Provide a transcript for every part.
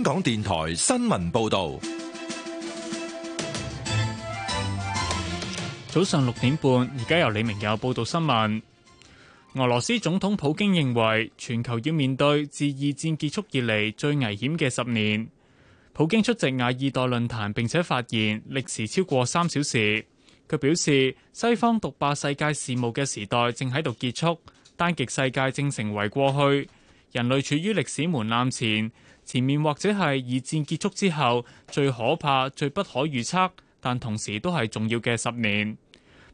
香港電台新聞報道，早上六點半，而家由李明友報道新聞。俄羅斯總統普京認為，全球要面對自二戰結束以嚟最危險嘅十年。普京出席雅爾代論壇，並且發言歷時超過三小時。佢表示，西方獨霸世界事務嘅時代正喺度結束，單極世界正成為過去，人類處於歷史門檻前。前面或者係二戰結束之後最可怕、最不可預測，但同時都係重要嘅十年。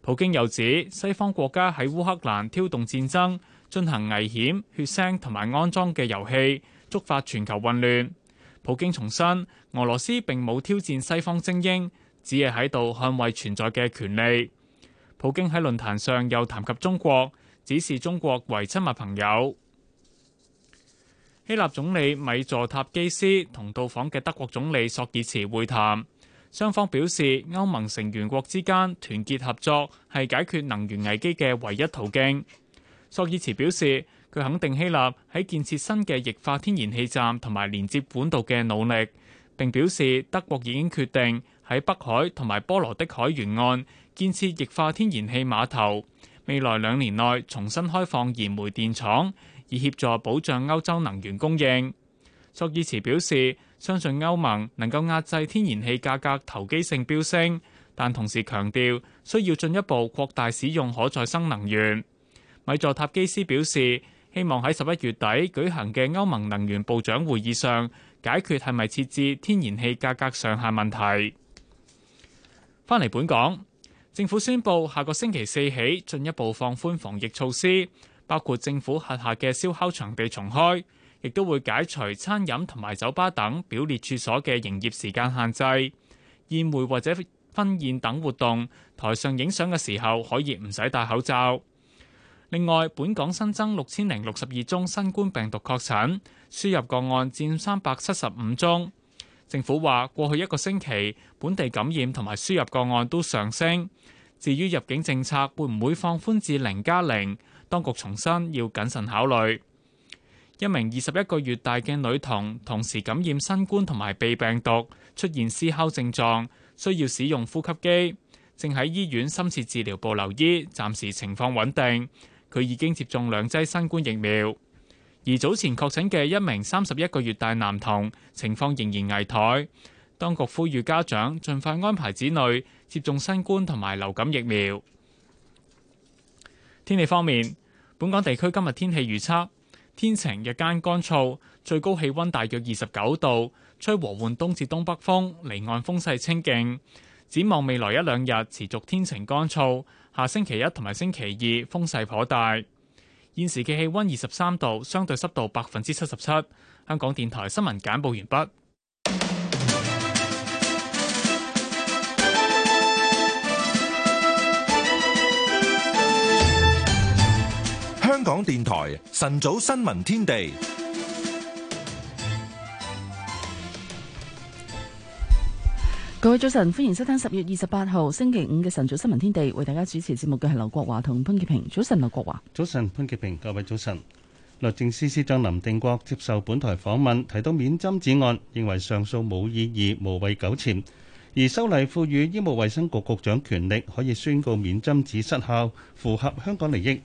普京又指西方國家喺烏克蘭挑動戰爭，進行危險、血腥同埋安裝嘅遊戲，觸發全球混亂，普京重申，俄羅斯並冇挑戰西方精英，只係喺度捍衛存在嘅權利。普京喺論壇上又談及中國，指視中國為親密朋友。希臘總理米佐塔基斯同到訪嘅德國總理索爾茨會談，雙方表示歐盟成員國之間團結合作係解決能源危機嘅唯一途徑。索爾茨表示，佢肯定希臘喺建設新嘅液化天然氣站同埋連接管道嘅努力，並表示德國已經決定喺北海同埋波羅的海沿岸建設液化天然氣碼頭，未來兩年內重新開放燃煤電廠，以協助保障歐洲能源供應。索爾茨表示，相信歐盟能夠壓制天然氣價格投機性飆升，但同時強調需要進一步擴大使用可再生能源。米佐塔基斯表示，希望喺十一月底舉行嘅歐盟能源部長會議上解決係咪設置天然氣價格上限問題。返嚟本港，政府宣布下個星期四起進一步放寬防疫措施。包括政府轄下嘅燒烤場地重開，亦都會解除餐飲同埋酒吧等表列處所嘅營業時間限制。宴會或者婚宴等活動，台上影相嘅時候可以唔使戴口罩。另外，本港新增六千零六十二宗新冠病毒確診，輸入個案佔三百七十五宗。政府話，過去一個星期本地感染同埋輸入個案都上升。至於入境政策會唔會放寬至零加零？0, 當局重申要謹慎考慮，一名二十一個月大嘅女童同時感染新冠同埋鼻病毒出現思考症狀，需要使用呼吸機，正喺醫院深切治療部留醫，暫時情況穩定。佢已經接種兩劑新冠疫苗，而早前確診嘅一名三十一個月大男童情況仍然危殆。當局呼籲家長盡快安排子女接種新冠同埋流感疫苗。天氣方面，本港地區今日天氣預測天晴，日間乾燥，最高氣溫大約二十九度，吹和緩東至東北風，離岸風勢清勁。展望未來一兩日持續天晴乾燥，下星期一同埋星期二風勢頗大。現時嘅氣溫二十三度，相對濕度百分之七十七。香港電台新聞簡報完畢。港電台晨早新聞天地，各位早晨，歡迎收聽十月二十八號星期五嘅晨早新聞天地，為大家主持節目嘅係劉國華同潘潔平。早晨，劉國華，早晨，潘潔平，各位早晨。律政司司長林定國接受本台訪問，提到免針紙案，認為上訴冇意義，無謂糾纏。而修例賦予醫務衛生局局長權力，可以宣告免針紙失效，符合香港利益。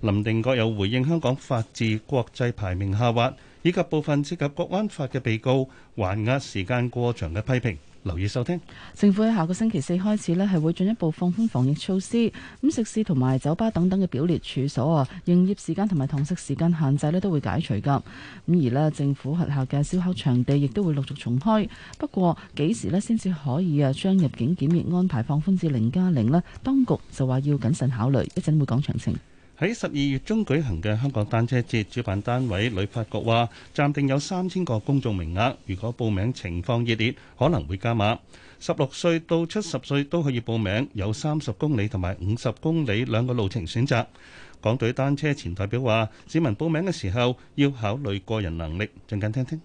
林定國又回應香港法治國際排名下滑，以及部分涉及國安法嘅被告還押時間過長嘅批評。留意收聽，政府喺下個星期四開始咧，係會進一步放寬防疫措施。咁食肆同埋酒吧等等嘅表列處所啊，營業時間同埋堂食時間限制咧都會解除噶。咁而咧，政府轄下嘅燒烤場地亦都會陸續重開。不過幾時咧先至可以啊，將入境檢疫安排放寬至零加零呢？當局就話要謹慎考慮，一陣會講詳情。喺十二月中舉行嘅香港單車節，主辦單位旅發局話暫定有三千個公眾名額，如果報名情況熱烈，可能會加碼。十六歲到七十歲都可以報名，有三十公里同埋五十公里兩個路程選擇。港隊單車前代表話，市民報名嘅時候要考慮個人能力，陣間聽聽。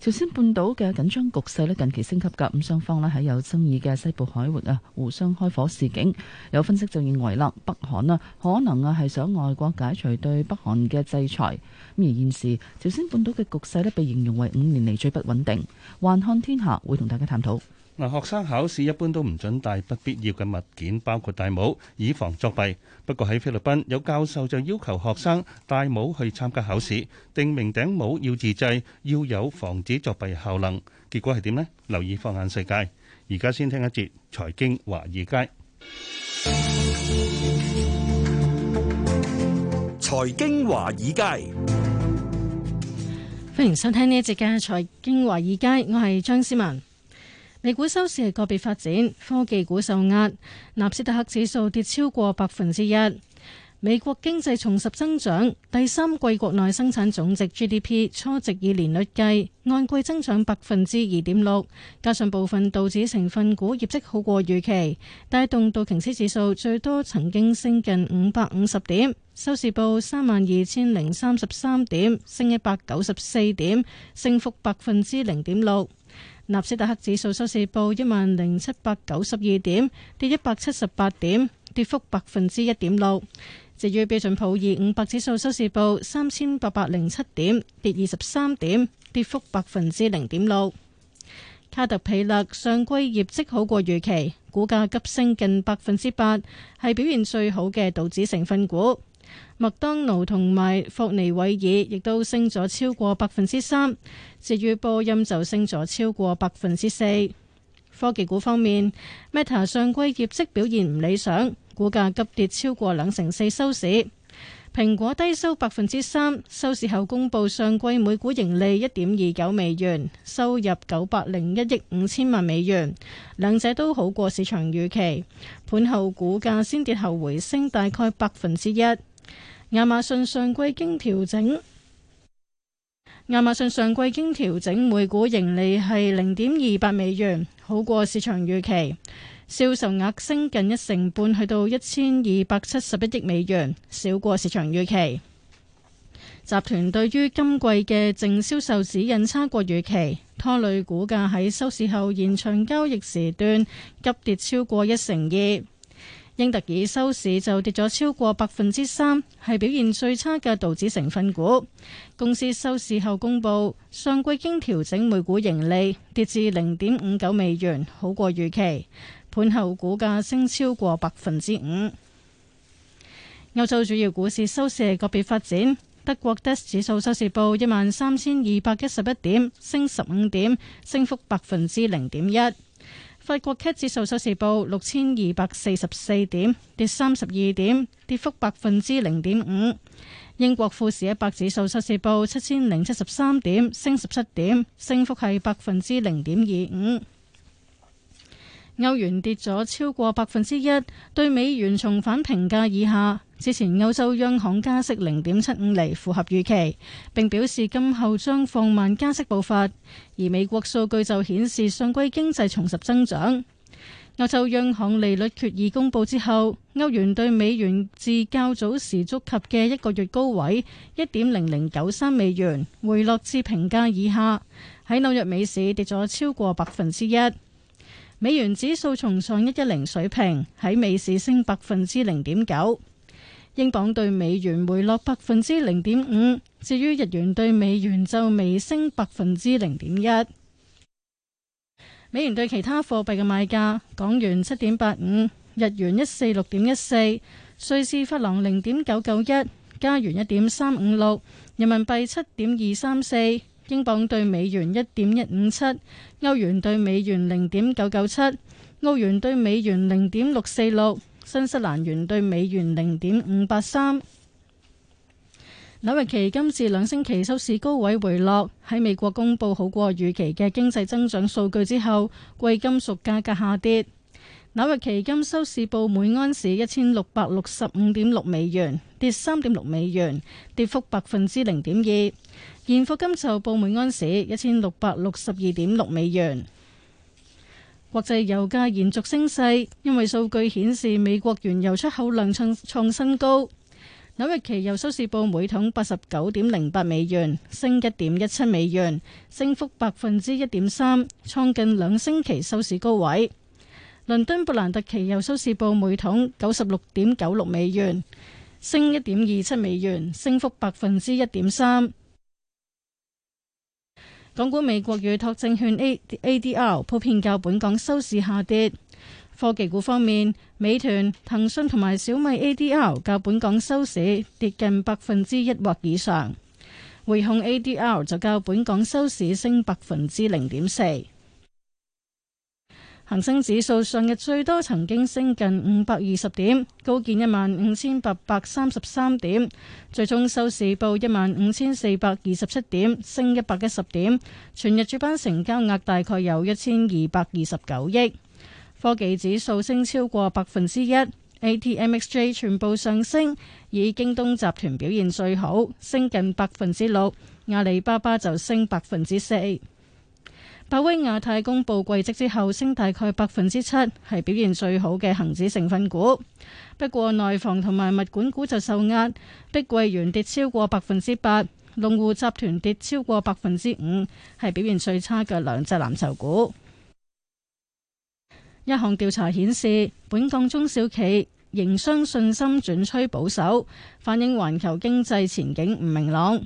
朝鮮半島嘅緊張局勢咧近期升級噶，咁雙方咧喺有爭議嘅西部海域啊互相開火示警。有分析就認為啦，北韓啊可能啊係想外國解除對北韓嘅制裁。咁而現時朝鮮半島嘅局勢咧被形容為五年嚟最不穩定。環看天下會同大家探討。嗱，學生考試一般都唔准帶不必要嘅物件，包括戴帽，以防作弊。不過喺菲律賓，有教授就要求學生戴帽去參加考試，定名頂帽要自製，要有防止作弊效能。結果係點呢？留意放眼世界，而家先聽一節財經華爾街。財經華爾街，歡迎收聽呢一節嘅財經華爾街，我係張思文。美股收市係個別發展，科技股受壓，納斯達克指數跌超過百分之一。美國經濟重拾增長，第三季國內生產總值 GDP 初值以年率計，按季增長百分之二點六，加上部分道指成分股業績好過預期，帶動道瓊斯指數最多曾經升近五百五十點，收市報三萬二千零三十三點，升一百九十四點，升幅百分之零點六。納斯達克指數收市報一萬零七百九十二點，跌一百七十八點，跌幅百分之一點六。至於標準普爾五百指數收市報三千八百零七點，跌二十三點，跌幅百分之零點六。卡特彼勒上季業績好過預期，股價急升近百分之八，係表現最好嘅道指成分股。麥當勞同埋霍尼韋爾亦都升咗超過百分之三，至於波音就升咗超過百分之四。科技股方面，Meta 上季業績表現唔理想，股價急跌超過兩成四收市。蘋果低收百分之三，收市後公佈上季每股盈利一點二九美元，收入九百零一億五千萬美元，兩者都好過市場預期。盤後股價先跌後回升，大概百分之一。亞馬遜上季經調整，亞馬遜上季經調整每股盈利係零點二八美元，好過市場預期。銷售額升近一成半，去到一千二百七十一億美元，少過市場預期。集團對於今季嘅淨銷售指引差過預期，拖累股價喺收市後延長交易時段急跌超過一成二。英特爾收市就跌咗超過百分之三，係表現最差嘅道指成分股。公司收市後公布上季經調整每股盈利跌至零點五九美元，好過預期。盤後股價升超過百分之五。歐洲主要股市收市係個別發展，德國 DAX 指數收市報一萬三千二百一十一點，升十五點，升幅百分之零點一。法國 CAC 指數收市報六千二百四十四點，跌三十二點，跌幅百分之零點五。英國富時一百指數收市報七千零七十三點，升十七點，升幅係百分之零點二五。歐元跌咗超過百分之一，對美元重返平價以下。之前歐洲央行加息零點七五厘，符合預期，並表示今後將放慢加息步伐。而美國數據就顯示上季經濟重拾增長。歐洲央行利率決議公布之後，歐元對美元至較早時觸及嘅一個月高位一點零零九三美元，回落至平價以下。喺紐約美市跌咗超過百分之一。美元指數重上一一零水平，喺美市升百分之零點九，英鎊對美元回落百分之零點五，至於日元對美元就未升百分之零點一。美元對其他貨幣嘅賣價：港元七點八五，日元一四六點一四，瑞士法郎零點九九一，加元一點三五六，人民幣七點二三四。英鎊兌美元一點一五七，歐元兌美元零點九九七，澳元兌美元零點六四六，新西蘭元兌美元零點五八三。紐約期金至兩星期收市高位回落，喺美國公布好過預期嘅經濟增長數據之後，貴金屬價格下跌。紐約期金收市報每安士一千六百六十五點六美元，跌三點六美元，跌幅百分之零點二。現貨金就報每安士一千六百六十二點六美元。國際油價延續升勢，因為數據顯示美國原油出口量創創新高。紐約期油收市報每桶八十九點零八美元，升一點一七美元，升幅百分之一點三，創近兩星期收市高位。倫敦布蘭特期油收市報每桶九十六點九六美元，升一點二七美元，升幅百分之一點三。港股美國預託證券 ADR 普遍較本港收市下跌，科技股方面，美團、騰訊同埋小米 ADR 較本港收市跌近百分之一或以上，匯控 ADR 就較本港收市升百分之零點四。恒生指數上日最多曾經升近五百二十點，高見一萬五千八百三十三點，最終收市報一萬五千四百二十七點，升一百一十點。全日主板成交額大概有一千二百二十九億。科技指數升超過百分之一，ATMXJ 全部上升，以京東集團表現最好，升近百分之六，阿里巴巴就升百分之四。百威亞太公布季績之後升大概百分之七，係表現最好嘅恒指成分股。不過內房同埋物管股就受壓，碧桂園跌超過百分之八，龍湖集團跌超過百分之五，係表現最差嘅兩隻藍籌股。一項調查顯示，本港中小企營商信心轉趨保守，反映環球經濟前景唔明朗。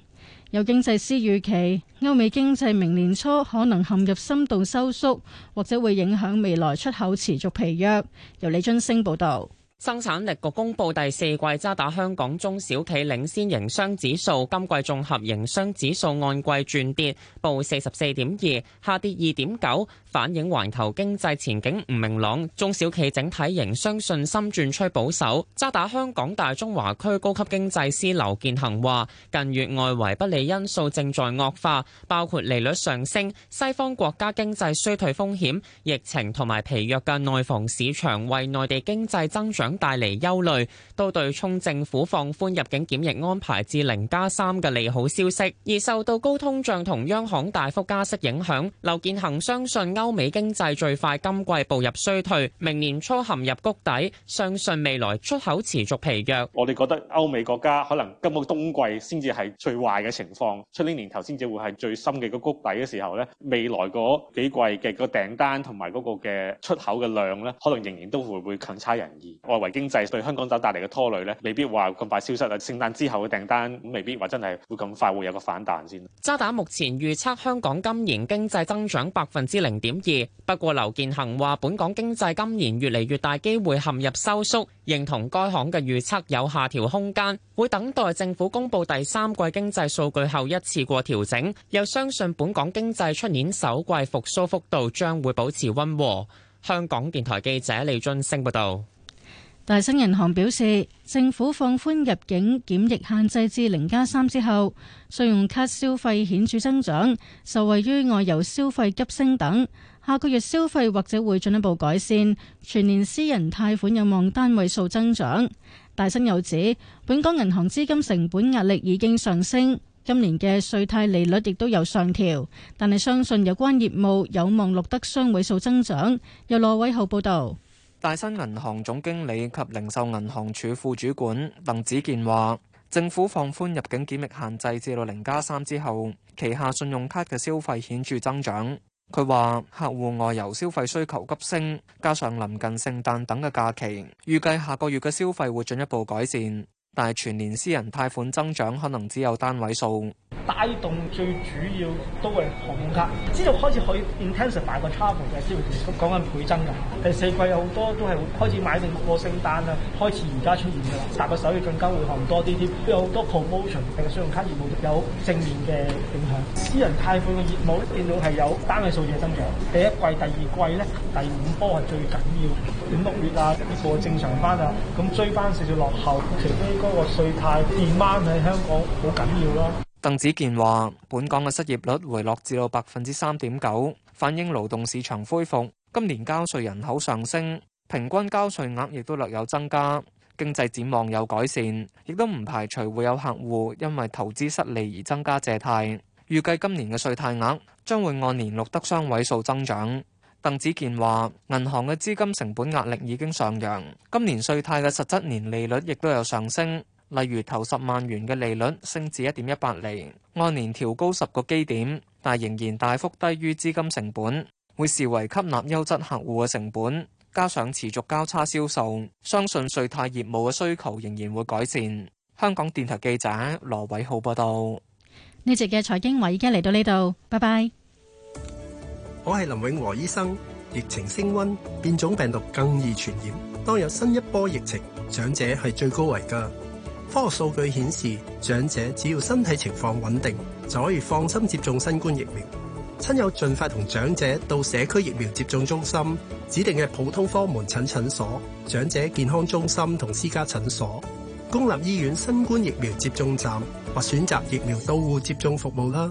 有經濟師預期，歐美經濟明年初可能陷入深度收縮，或者會影響未來出口持續疲弱。由李津升報導。生產力局公布第四季渣打香港中小企領先營商指數，今季綜合營商指數按季轉跌，報四十四點二，下跌二點九，反映環球經濟前景唔明朗，中小企整體營商信心轉趨保守。渣打香港大中華區高級經濟師劉建恒話：近月外圍不利因素正在惡化，包括利率上升、西方國家經濟衰退風險、疫情同埋疲弱嘅內房市場，為內地經濟增長帶嚟憂慮，都對沖政府放寬入境檢疫安排至零加三嘅利好消息，而受到高通脹同央行大幅加息影響，劉建恒相信歐美經濟最快今季步入衰退，明年初陷入谷底，相信未來出口持續疲弱。我哋覺得歐美國家可能今個冬季先至係最壞嘅情況，出年年頭先至會係最深嘅個谷底嘅時候咧，未來嗰幾季嘅個訂單同埋嗰個嘅出口嘅量咧，可能仍然都會會強差人意。為經濟對香港酒帶嚟嘅拖累呢，未必話咁快消失啦。聖誕之後嘅訂單未必話真係會咁快會有個反彈先。渣打目前預測香港今年經濟增長百分之零點二，不過劉建恒話：本港經濟今年越嚟越大機會陷入收縮，認同該行嘅預測有下調空間，會等待政府公布第三季經濟數據後一次過調整。又相信本港經濟出年首季復甦幅度將會保持溫和。香港電台記者李俊升報導。大新銀行表示，政府放寬入境檢疫限制至零加三之後，信用卡消費顯著增長，受惠於外遊消費急升等。下個月消費或者會進一步改善，全年私人貸款有望單位數增長。大新又指，本港銀行資金成本壓力已經上升，今年嘅稅貸利率亦都有上調，但係相信有關業務有望錄得雙位數增長。由羅偉豪報道。大新銀行總經理及零售銀行處副主管鄧子健話：政府放寬入境檢疫限制至到零加三之後，旗下信用卡嘅消費顯著增長。佢話：客戶外遊消費需求急升，加上臨近聖誕等嘅假期，預計下個月嘅消費會進一步改善。但係全年私人貸款增長可能只有單位數。帶動最主要都係航空卡，之後開始可以 intensify 個 travel 嘅，之後講緊倍增噶。第四季有好多都係開始買定過聖誕啊，開始而家出現噶啦。但個手更加會行多啲啲，有好多 promotion 係信用卡業務有正面嘅影響。私人貸款嘅業務咧，見到係有單位數字嘅增長。第一季、第二季咧，第五波係最緊要，五、六月啊，呢個正常班啦、啊。咁追翻少少落後，其實嗰個稅貸變慢喺香港好緊要咯。鄧子健話，本港嘅失業率回落至到百分之三點九，反映勞動市場恢復。今年交稅人口上升，平均交稅額亦都略有增加，經濟展望有改善，亦都唔排除會有客戶因為投資失利而增加借貸。預計今年嘅稅貸額將會按年錄得雙位數增長。鄧子健話，銀行嘅資金成本壓力已經上揚，今年稅貸嘅實質年利率亦都有上升。例如頭十萬元嘅利率升至一點一八厘，按年調高十個基點，但仍然大幅低於資金成本，會視為吸納優質客戶嘅成本。加上持續交叉銷售，相信稅貸業務嘅需求仍然會改善。香港電台記者羅偉浩報道。呢集嘅財經話已經嚟到呢度，拜拜。我係林永和醫生。疫情升溫，變種病毒更易傳染。當有新一波疫情，長者係最高危㗎。科學數據顯示，長者只要身體情況穩定，就可以放心接種新冠疫苗。親友盡快同長者到社區疫苗接種中心、指定嘅普通科門診診所、長者健康中心同私家診所、公立醫院新冠疫苗接種站，或選擇疫苗到戶接種服務啦。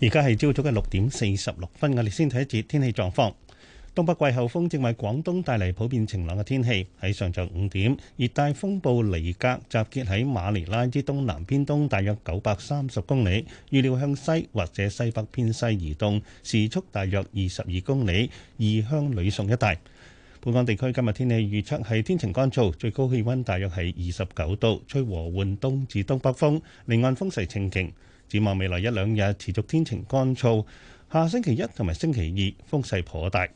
而家係朝早嘅六點四十六分，我哋先睇一節天氣狀況。東北季候風正為廣東帶嚟普遍晴朗嘅天氣。喺上晝五點，熱帶風暴尼格集結喺馬尼拉之東南偏東大約九百三十公里，預料向西或者西北偏西移動，時速大約二十二公里，移向呂宋一帶。本港地區今日天氣預測係天晴乾燥，最高氣温大約係二十九度，吹和緩東至東北風，離岸風勢清勁。展望未來一兩日持續天晴乾燥，下星期一同埋星期二風勢頗大。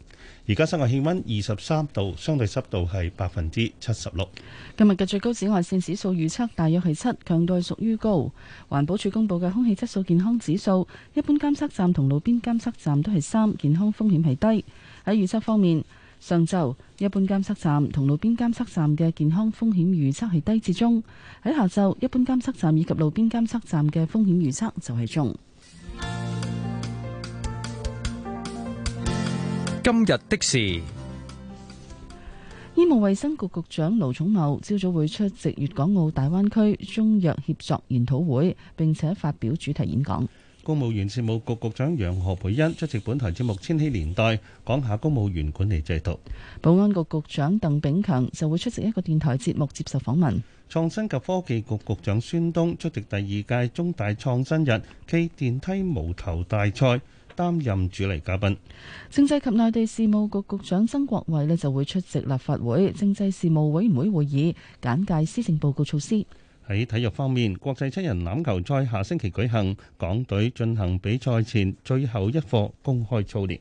而家室外氣溫二十三度，相對濕度係百分之七十六。今日嘅最高紫外線指數預測大約係七，強度係屬於高。環保署公布嘅空氣質素健康指數，一般監測站同路邊監測站都係三，健康風險係低。喺預測方面。上晝一般監測站同路邊監測站嘅健康風險預測係低至中，喺下晝一般監測站以及路邊監測站嘅風險預測就係中。今日的事，醫務衛生局局長盧寵茂朝早會出席粵港澳大灣區中藥協作研討會，並且發表主題演講。公務員事務局局長楊何蓓茵出席本台節目《千禧年代》，講下公務員管理制度。保安局局長鄧炳強就會出席一個電台節目，接受訪問。創新及科技局局長孫東出席第二屆中大創新日暨電梯募投大賽，擔任主禮嘉賓。政制及內地事務局局長曾國衛呢就會出席立法會政制事務委員會會議，簡介施政報告措施。喺體育方面，國際七人欖球賽下星期舉行，港隊進行比賽前最後一課公開操練。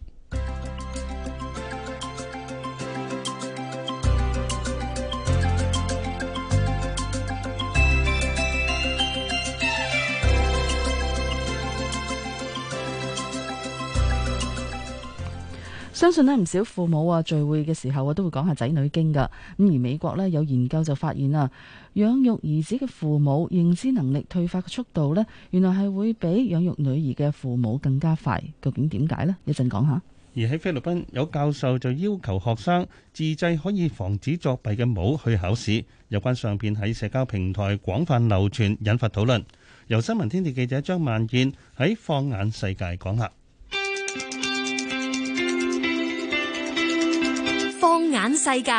相信呢唔少父母啊聚會嘅時候啊都會講下仔女經噶，咁而美國咧有研究就發現啊，養育兒子嘅父母認知能力退化嘅速度咧，原來係會比養育女兒嘅父母更加快，究竟點解咧？一陣講下。而喺菲律賓有教授就要求學生自製可以防止作弊嘅帽去考試，有關相片喺社交平台廣泛流傳，引發討論。由新聞天地記者張萬燕喺放眼世界講下。眼世界，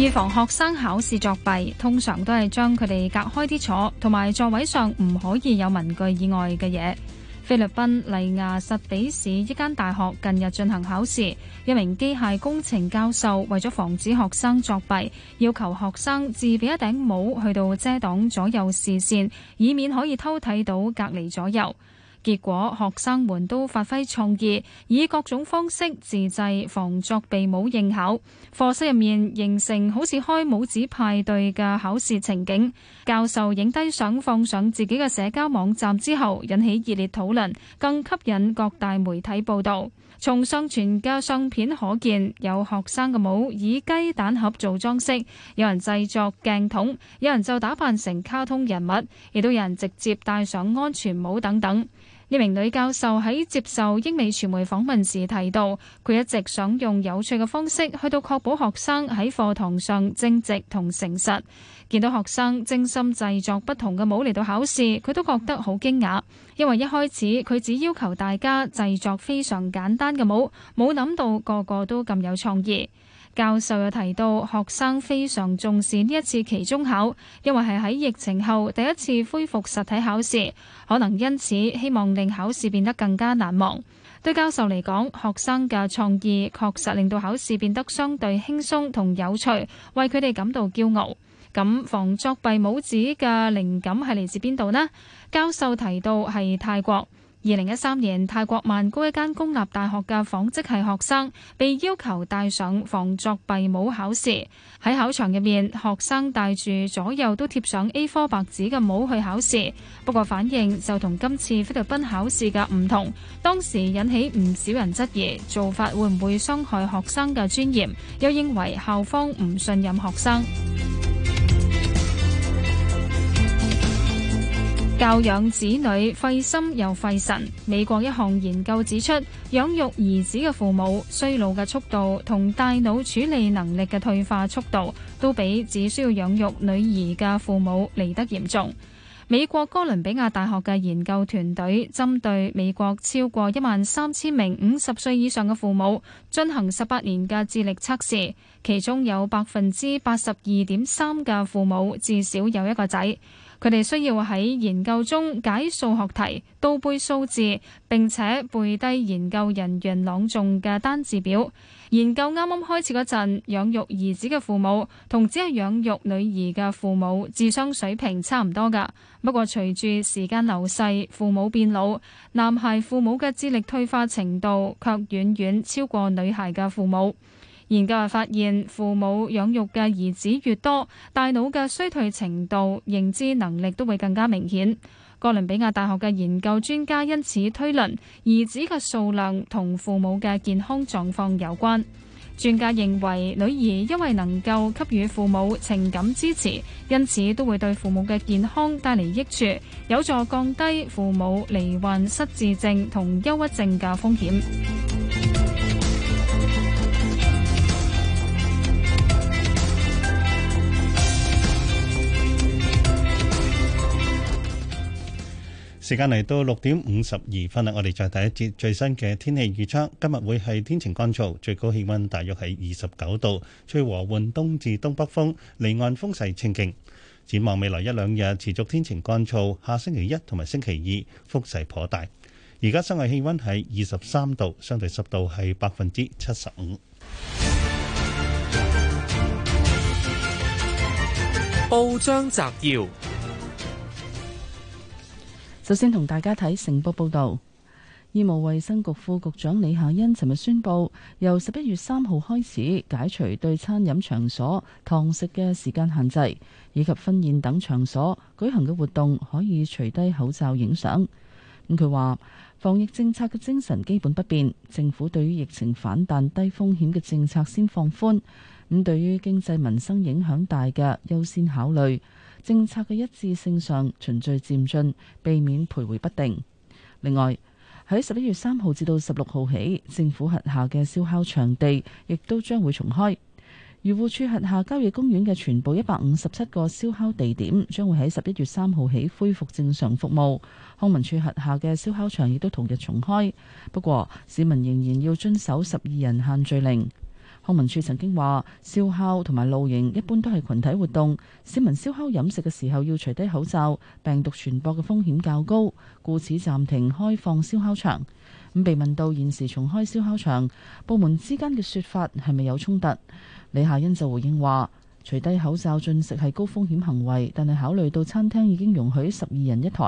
預防學生考試作弊，通常都係將佢哋隔開啲坐，同埋座位上唔可以有文具以外嘅嘢。菲律賓黎牙實比市一間大學近日進行考試，一名機械工程教授為咗防止學生作弊，要求學生自備一頂帽去到遮擋左右視線，以免可以偷睇到隔離左右。結果，學生們都發揮創意，以各種方式自製防作弊帽應考。課室入面形成好似開帽子派對嘅考試情景。教授影低相放上自己嘅社交網站之後，引起熱烈討論，更吸引各大媒體報導。從上傳嘅相片可見，有學生嘅帽以雞蛋盒做裝飾，有人製作鏡筒，有人就打扮成卡通人物，亦都有人直接戴上安全帽等等。呢名女教授喺接受英美傳媒訪問時提到，佢一直想用有趣嘅方式去到確保學生喺課堂上正直同誠實。見到學生精心製作不同嘅帽嚟到考試，佢都覺得好驚訝，因為一開始佢只要求大家製作非常簡單嘅帽，冇諗到個個都咁有創意。教授又提到，學生非常重視呢一次期中考，因為係喺疫情後第一次恢復實體考試，可能因此希望令考試變得更加難忘。對教授嚟講，學生嘅創意確實令到考試變得相對輕鬆同有趣，為佢哋感到驕傲。咁防作弊帽子嘅靈感係嚟自邊度呢？教授提到係泰國。二零一三年，泰國曼谷一間公立大學嘅紡織係學生被要求戴上防作弊帽考試。喺考場入面，學生戴住左右都貼上 A4 白紙嘅帽去考試。不過反應就同今次菲律賓考試嘅唔同，當時引起唔少人質疑做法會唔會傷害學生嘅尊嚴，又認為校方唔信任學生。教養子女費心又費神。美國一項研究指出，養育兒子嘅父母衰老嘅速度同大腦處理能力嘅退化速度，都比只需要養育女兒嘅父母嚟得嚴重。美國哥倫比亞大學嘅研究團隊針對美國超過一萬三千名五十歲以上嘅父母進行十八年嘅智力測試，其中有百分之八十二點三嘅父母至少有一個仔。佢哋需要喺研究中解數學題、倒背數字，並且背低研究人員朗誦嘅單字表。研究啱啱開始嗰陣，養育兒子嘅父母同只係養育女兒嘅父母智商水平差唔多㗎。不過隨住時間流逝，父母變老，男孩父母嘅智力退化程度卻遠遠超過女孩嘅父母。研究發現，父母養育嘅兒子越多，大腦嘅衰退程度、認知能力都會更加明顯。哥倫比亞大學嘅研究專家因此推論，兒子嘅數量同父母嘅健康狀況有關。專家認為，女兒因為能夠給予父母情感支持，因此都會對父母嘅健康帶嚟益處，有助降低父母罹患失智症同憂鬱症嘅風險。時間嚟到六點五十二分啦，看看我哋再睇一節最新嘅天氣預測。今日會係天晴乾燥，最高氣溫大約係二十九度，吹和緩東至東北風，離岸風勢清勁。展望未來一兩日持續天晴乾燥，下星期一同埋星期二風勢頗大。而家室外氣溫係二十三度，相對濕度係百分之七十五。報章摘要。首先同大家睇成報報道，醫務衛生局副局長李夏欣尋日宣布，由十一月三號開始解除對餐飲場所堂食嘅時間限制，以及婚宴等場所舉行嘅活動可以除低口罩影相。咁佢話，防疫政策嘅精神基本不變，政府對於疫情反彈低風險嘅政策先放寬，咁、嗯、對於經濟民生影響大嘅優先考慮。政策嘅一致性上循序漸進，避免徘徊不定。另外，喺十一月三號至到十六號起，政府轄下嘅燒烤場地亦都將會重開。漁護署轄下郊野公園嘅全部一百五十七個燒烤地點將會喺十一月三號起恢復正常服務。康文署轄下嘅燒烤場亦都同日重開。不過，市民仍然要遵守十二人限聚令。康文署曾經話，燒烤同埋露營一般都係群體活動，市民燒烤飲食嘅時候要除低口罩，病毒傳播嘅風險較高，故此暫停開放燒烤場。咁、嗯、被問到現時重開燒烤場，部門之間嘅說法係咪有衝突？李夏欣就回應話，除低口罩進食係高風險行為，但係考慮到餐廳已經容許十二人一台，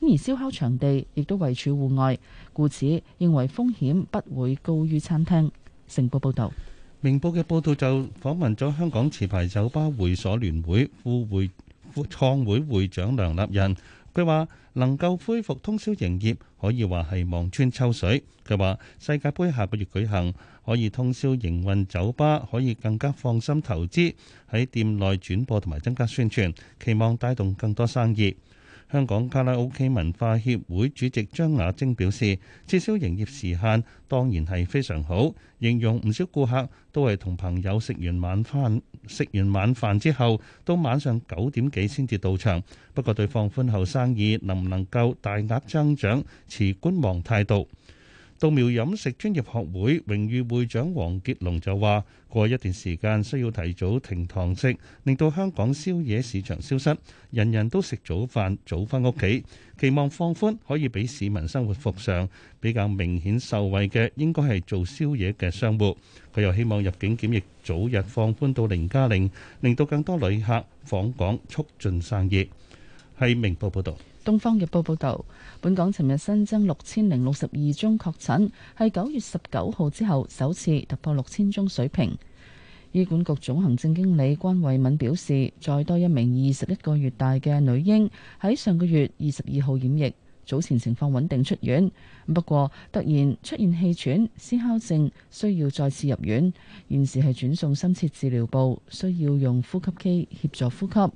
咁而燒烤場地亦都位處戶外，故此認為風險不會高於餐廳。成報報道。明報嘅報道就訪問咗香港持牌酒吧會所聯會副會副創會會長梁立仁，佢話能夠恢復通宵營業，可以話係望穿秋水。佢話世界盃下個月舉行，可以通宵營運酒吧，可以更加放心投資，喺店內轉播同埋增加宣傳，期望帶動更多生意。香港卡拉 OK 文化協會主席張雅晶表示，撤銷營業時限當然係非常好，形容唔少顧客都係同朋友食完晚飯，食完晚飯之後到晚上九點幾先至到場，不過對放寬後生意能唔能夠大額增長持觀望態度。稻苗飲食專業學會榮譽會長黃傑龍就話：過一段時間需要提早停堂食，令到香港宵夜市場消失，人人都食早飯，早返屋企。期望放寬可以俾市民生活復常，比較明顯受惠嘅應該係做宵夜嘅商戶。佢又希望入境檢疫早日放寬到零加零，令到更多旅客訪港，促進生意。係明報報導。東方日報報道，本港尋日新增六千零六十二宗確診，係九月十九號之後首次突破六千宗水平。醫管局總行政經理關慧敏表示，再多一名二十一個月大嘅女嬰喺上個月二十二號染疫，早前情況穩定出院，不過突然出現氣喘、思考症，需要再次入院，現時係轉送深切治療部，需要用呼吸機協助呼吸。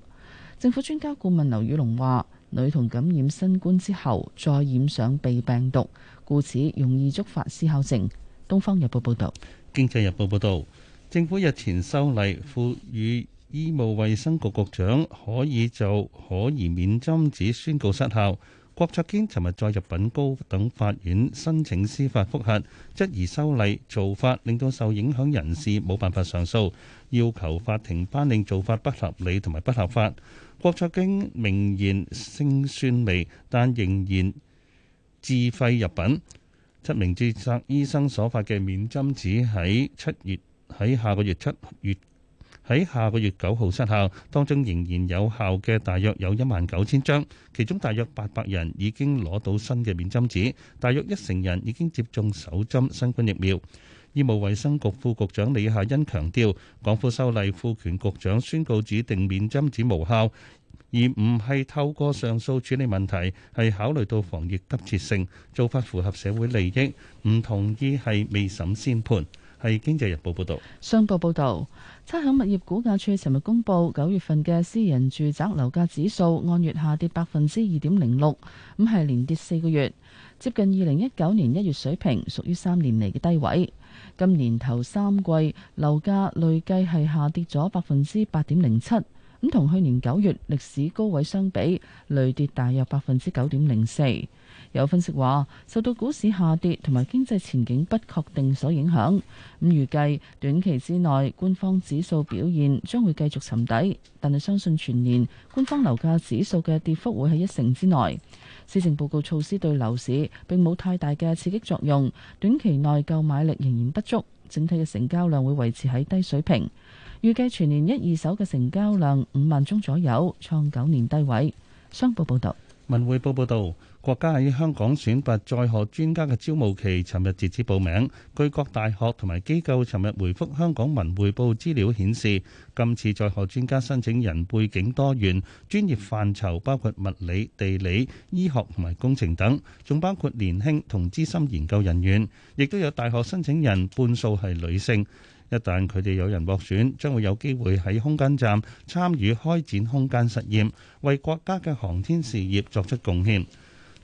政府專家顧問劉宇龍話。女童感染新冠之後，再染上鼻病毒，故此容易觸發思考症。《東方日報》報導，《經濟日報》報導，政府日前修例，賦予醫務衛生局局長可以就可疑免針紙宣告失效。郭卓堅尋日再入禀高等法院申請司法覆核，質疑修例做法令到受影響人士冇辦法上訴，要求法庭頒令做法不合理同埋不合法。郭卓堅明言勝算微，但仍然自費入稟。七名註冊醫生所發嘅免針紙喺七月喺下個月七月喺下個月九號失效，當中仍然有效嘅大約有一萬九千張，其中大約八百人已經攞到新嘅免針紙，大約一成人已經接種首針新冠疫苗。醫務衛生局副局長李夏茵強調，港府修例賦權局長宣告指定免針紙無效，而唔係透過上訴處理問題，係考慮到防疫急切性，做法符合社會利益，唔同意係未審先判。係《經濟日報》報道。商報報道，差響物業估價署，尋日公布九月份嘅私人住宅樓價指數按月下跌百分之二點零六，咁係連跌四個月，接近二零一九年一月水平，屬於三年嚟嘅低位。今年頭三季樓價累計係下跌咗百分之八點零七，咁同去年九月歷史高位相比，累跌大約百分之九點零四。有分析話，受到股市下跌同埋經濟前景不確定所影響，咁預計短期之內官方指數表現將會繼續沉底，但係相信全年官方樓價指數嘅跌幅會喺一成之內。施政報告措施對樓市並冇太大嘅刺激作用，短期內購買力仍然不足，整體嘅成交量會維持喺低水平。預計全年一二手嘅成交量五萬宗左右，創九年低位。商報報道。文匯報報道。國家喺香港選拔在學專家嘅招募期，尋日截止報名。據各大學同埋機構尋日回覆《香港文匯報》資料顯示，今次在學專家申請人背景多元，專業範疇包括物理、地理、醫學同埋工程等，仲包括年輕同資深研究人員，亦都有大學申請人半數係女性。一旦佢哋有人獲選，將會有機會喺空間站參與開展空間實驗，為國家嘅航天事業作出貢獻。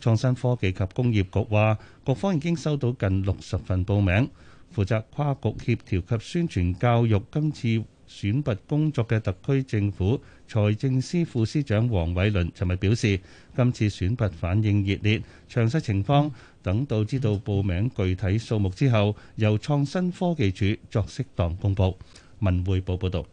創新科技及工業局話，各方已經收到近六十份報名。負責跨局協調及宣傳教育今次選拔工作嘅特區政府財政司副司長黃偉綸，尋日表示，今次選拔反應熱烈，詳細情況等到知道報名具體數目之後，由創新科技署作適當公佈。文匯報報道。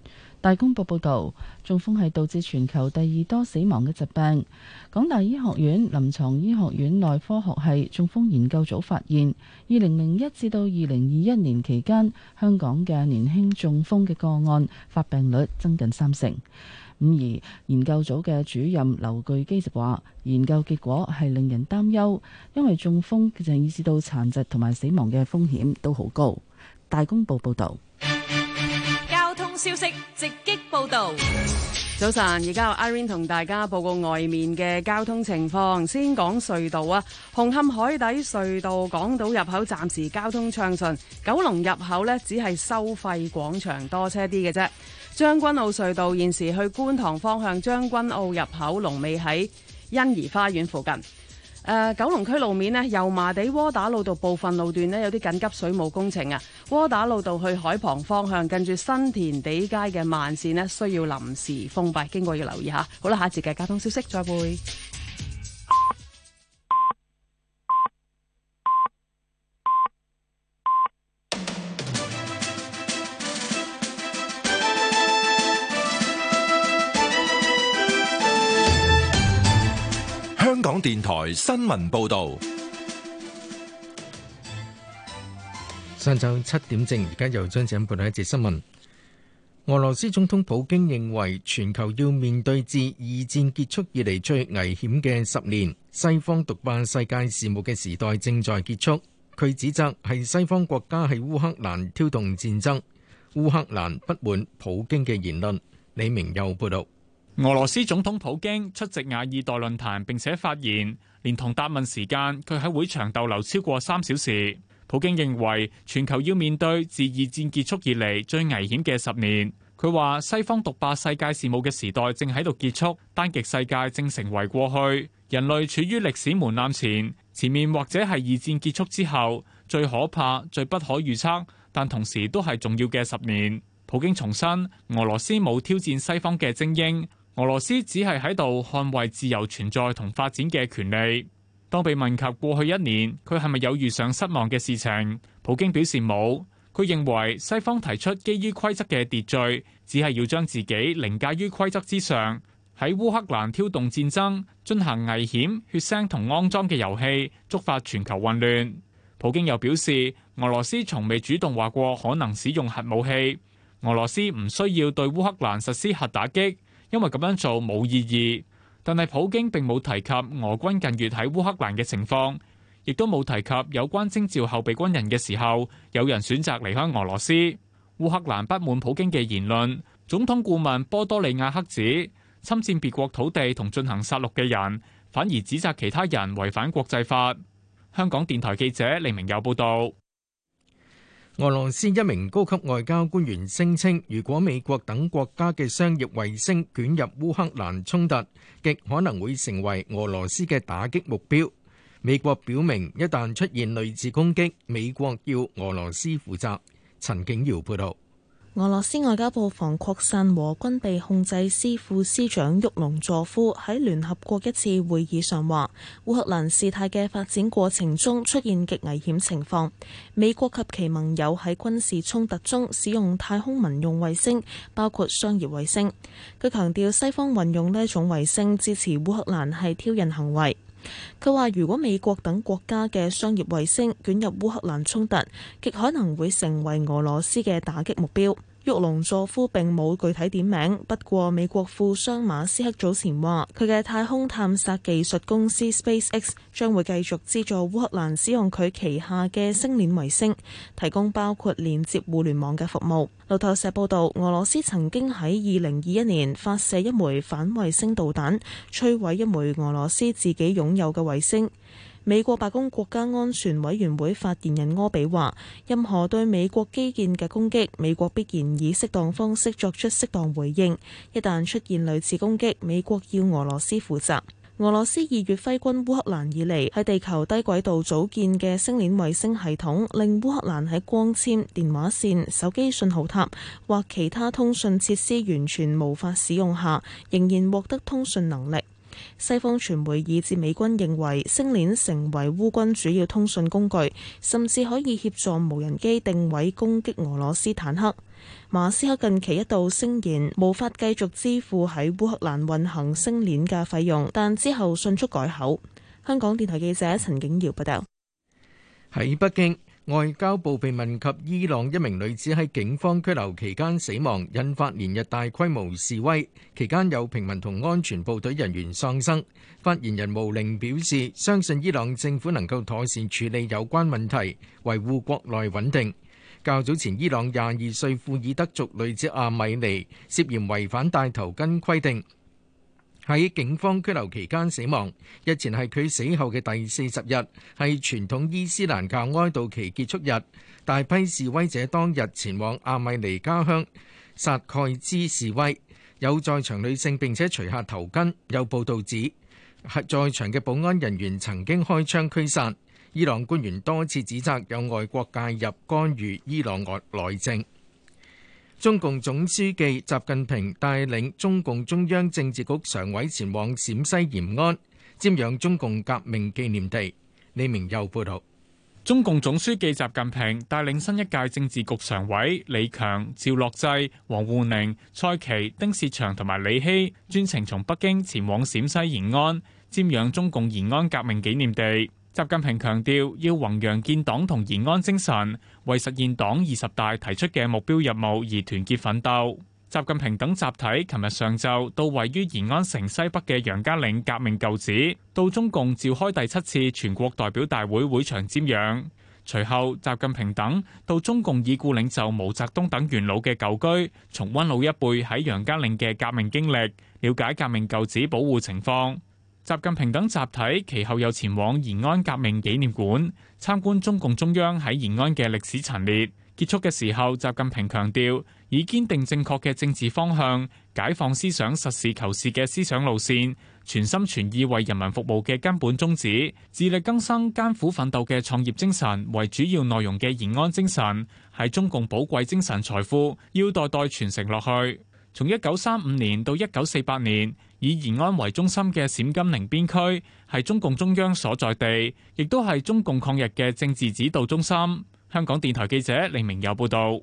大公報報導，中風係導致全球第二多死亡嘅疾病。港大醫學院臨床醫學院內科學系中風研究組發現，二零零一至到二零二一年期間，香港嘅年輕中風嘅個案發病率增近三成。咁而研究組嘅主任劉巨基就話，研究結果係令人擔憂，因為中風淨係導致到殘疾同埋死亡嘅風險都好高。大公報報導。消息直擊報道。早晨，而家有 Irene 同大家報告外面嘅交通情況。先講隧道啊，紅磡海底隧道港島入口暫時交通暢順，九龍入口呢只係收費廣場多車啲嘅啫。將軍澳隧道現時去觀塘方向將軍澳入口龍尾喺欣怡花園附近。誒、呃，九龍區路面呢，油麻地窩打路道部分路段呢，有啲緊急水務工程啊，窩打路道去海旁方向近住新田地街嘅慢線呢，需要臨時封閉，經過要留意下。好啦，下一節嘅交通消息再會。香港電台新聞報道，上晝七點正，而家又將請播一節新聞。俄羅斯總統普京認為，全球要面對自二戰結束以嚟最危險嘅十年，西方獨霸世界事務嘅時代正在結束。佢指責係西方國家喺烏克蘭挑動戰爭，烏克蘭不滿普京嘅言論。李明又報道。俄羅斯總統普京出席瓦爾代論壇，並且發言，連同答問時間，佢喺會場逗留超過三小時。普京認為全球要面對自二戰結束以嚟最危險嘅十年。佢話西方獨霸世界事務嘅時代正喺度結束，單極世界正成為過去。人類處於歷史門檻前，前面或者係二戰結束之後最可怕、最不可預測，但同時都係重要嘅十年。普京重申俄羅斯冇挑戰西方嘅精英。俄羅斯只係喺度捍衛自由存在同發展嘅權利。當被問及過去一年佢係咪有遇上失望嘅事情，普京表示冇。佢認為西方提出基於規則嘅秩序，只係要將自己凌駕於規則之上，喺烏克蘭挑動戰爭，進行危險、血腥同骯髒嘅遊戲，觸發全球混亂。普京又表示，俄羅斯從未主動話過可能使用核武器。俄羅斯唔需要對烏克蘭實施核打擊。因為咁樣做冇意義，但係普京並冇提及俄軍近月喺烏克蘭嘅情況，亦都冇提及有關徵召後備軍人嘅時候，有人選擇離開俄羅斯。烏克蘭不滿普京嘅言論，總統顧問波多利亞克指侵占別國土地同進行殺戮嘅人，反而指責其他人違反國際法。香港電台記者李明友報道。俄羅斯一名高級外交官員聲稱，如果美國等國家嘅商業衛星捲入烏克蘭衝突，極可能會成為俄羅斯嘅打擊目標。美國表明，一旦出現類似攻擊，美國要俄羅斯負責。陳景堯報導。俄羅斯外交部防擴散和軍備控制司副司長沃龍佐夫喺聯合國一次會議上話，烏克蘭事態嘅發展過程中出現極危險情況。美國及其盟友喺軍事衝突中使用太空民用衛星，包括商業衛星。佢強調，西方運用呢種衛星支持烏克蘭係挑釁行為。佢話：如果美國等國家嘅商業衛星捲入烏克蘭衝突，極可能會成為俄羅斯嘅打擊目標。沃龍佐夫並冇具體點名，不過美國富商馬斯克早前話：佢嘅太空探索技術公司 SpaceX 將會繼續資助烏克蘭使用佢旗下嘅星鏈衛星，提供包括連接互聯網嘅服務。路透社報道，俄羅斯曾經喺二零二一年發射一枚反衛星導彈，摧毀一枚俄羅斯自己擁有嘅衛星。美國白宮國家安全委員會發言人柯比話：任何對美國基建嘅攻擊，美國必然以適當方式作出適當回應，一旦出現類似攻擊，美國要俄羅斯負責。俄羅斯二月揮軍烏克蘭以嚟，喺地球低軌道組建嘅星鏈衛星系統，令烏克蘭喺光纖、電話線、手機信號塔或其他通訊設施完全無法使用下，仍然獲得通訊能力。西方傳媒以至美軍認為，星鏈成為烏軍主要通訊工具，甚至可以協助無人機定位攻擊俄羅斯坦克。馬斯克近期一度聲言無法繼續支付喺烏克蘭運行星鏈嘅費用，但之後迅速改口。香港電台記者陳景堯報道。喺北京，外交部被問及伊朗一名女子喺警方拘留期間死亡，引發連日大規模示威，期間有平民同安全部隊人員喪生。發言人毛寧表示，相信伊朗政府能夠妥善處理有關問題，維護國內穩定。較早前，伊朗廿二歲庫爾德族女子阿米尼涉嫌違反戴頭巾規定。喺警方拘留期間死亡。日前係佢死後嘅第四十日，係傳統伊斯蘭教哀悼期結束日。大批示威者當日前往阿米尼家鄉薩蓋茲示威，有在場女性並且除下頭巾。有報道指，在場嘅保安人員曾經開槍驅散。伊朗官員多次指責有外國介入干預伊朗內內政。中共總書記習近平帶領中共中央政治局常委前往陝西延安瞻仰中共革命紀念地。李明又報道：中共總書記習近平帶領新一屆政治局常委李強、趙樂際、王滬寧、蔡奇、丁薛祥同埋李希專程從北京前往陝西延安瞻仰中共延安革命紀念地。習近平強調要弘揚建黨同延安精神，為實現黨二十大提出嘅目標任務而團結奮鬥。習近平等集體琴日上晝到位於延安城西北嘅楊家嶺革命舊址，到中共召開第七次全國代表大會會場瞻仰。隨後，習近平等到中共已故領袖毛澤東等元老嘅舊居，重溫老一輩喺楊家嶺嘅革命經歷，了解革命舊址保護情況。習近平等集體其後又前往延安革命紀念館參觀中共中央喺延安嘅歷史陳列。結束嘅時候，習近平強調，以堅定正確嘅政治方向、解放思想、實事求是嘅思想路線、全心全意為人民服務嘅根本宗旨、自力更生、艱苦奮鬥嘅創業精神為主要內容嘅延安精神，係中共寶貴精神財富，要代代傳承落去。從一九三五年到一九四八年，以延安為中心嘅陝甘寧邊區係中共中央所在地，亦都係中共抗日嘅政治指導中心。香港電台記者李明友報道。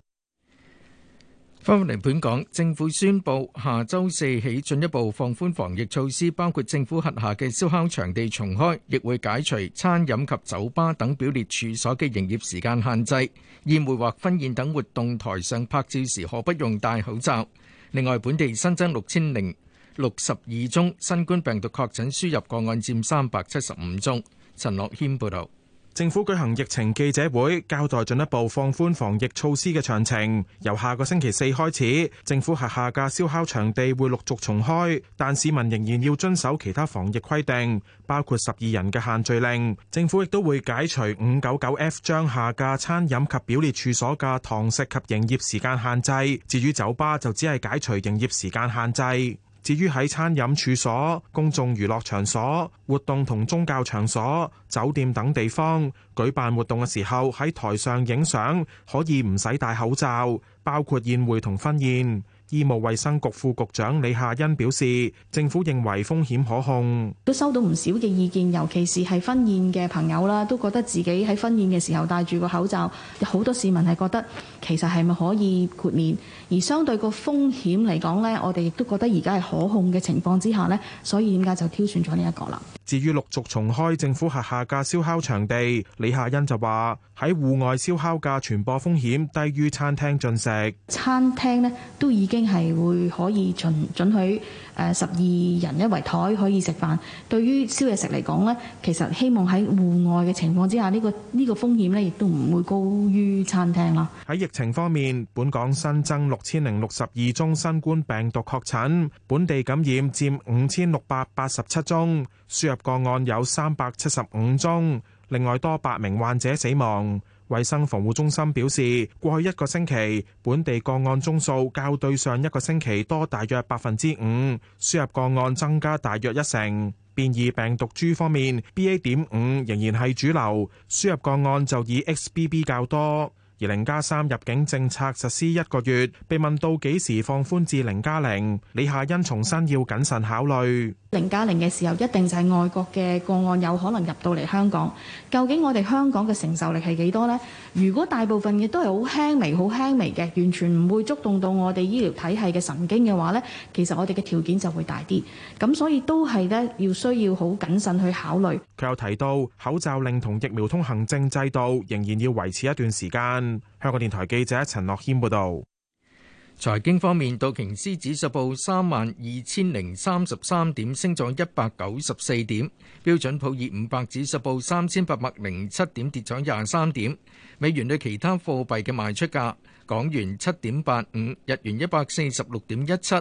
翻返嚟本港，政府宣布下周四起進一步放寬防疫措施，包括政府轄下嘅燒烤場地重開，亦會解除餐飲及酒吧等表列處所嘅營業時間限制。宴會或婚宴等活動台上拍照時，可不用戴口罩。另外，本地新增六千零六十二宗新冠病毒確診，輸入個案佔三百七十五宗。陳樂謙報道。政府舉行疫情記者會，交代進一步放寬防疫措施嘅詳情。由下個星期四開始，政府轄下嘅燒烤場地會陸續重開，但市民仍然要遵守其他防疫規定，包括十二人嘅限聚令。政府亦都會解除五九九 F 章下嘅餐飲及表列處所嘅堂食及營業時間限制。至於酒吧，就只係解除營業時間限制。至於喺餐飲處所、公眾娛樂場所、活動同宗教場所、酒店等地方舉辦活動嘅時候，喺台上影相可以唔使戴口罩，包括宴會同婚宴。醫務衛生局副局長李夏茵表示，政府認為風險可控，都收到唔少嘅意見，尤其是係婚宴嘅朋友啦，都覺得自己喺婚宴嘅時候戴住個口罩，有好多市民係覺得其實係咪可以豁免，而相對個風險嚟講呢，我哋亦都覺得而家係可控嘅情況之下呢，所以點解就挑選咗呢一個啦。至於陸續重開政府核下嘅燒烤場地，李夏欣就話：喺戶外燒烤嘅傳播風險低於餐廳進食，餐廳呢都已經係會可以準準許。誒，十二人一圍枱可以食飯，對於宵夜食嚟講呢，其實希望喺戶外嘅情況之下，呢個呢個風險呢亦都唔會高於餐廳啦。喺疫情方面，本港新增六千零六十二宗新冠病毒確診，本地感染佔五千六百八十七宗，輸入個案有三百七十五宗，另外多八百名患者死亡。衛生防護中心表示，過去一個星期本地個案宗數較對上一個星期多大約百分之五，輸入個案增加大約一成。變異病毒株方面，B A. 點五仍然係主流，輸入個案就以 X B B 較多而，而零加三入境政策實施一個月，被問到幾時放寬至零加零，0? 李夏茵重申要謹慎考慮。零加零嘅時候，一定就係外國嘅個案有可能入到嚟香港。究竟我哋香港嘅承受力係幾多呢？如果大部分嘅都係好輕微、好輕微嘅，完全唔會觸動到我哋醫療體系嘅神經嘅話呢，其實我哋嘅條件就會大啲。咁所以都係呢，要需要好謹慎去考慮。佢又提到口罩令同疫苗通行證制度仍然要維持一段時間。香港電台記者陳諾謙報道。財經方面，道瓊斯指數報三萬二千零三十三點，升咗一百九十四點；標準普爾五百指數報三千八百零七點，跌咗廿三點。美元對其他貨幣嘅賣出價：港元七點八五，日元一百四十六點一七，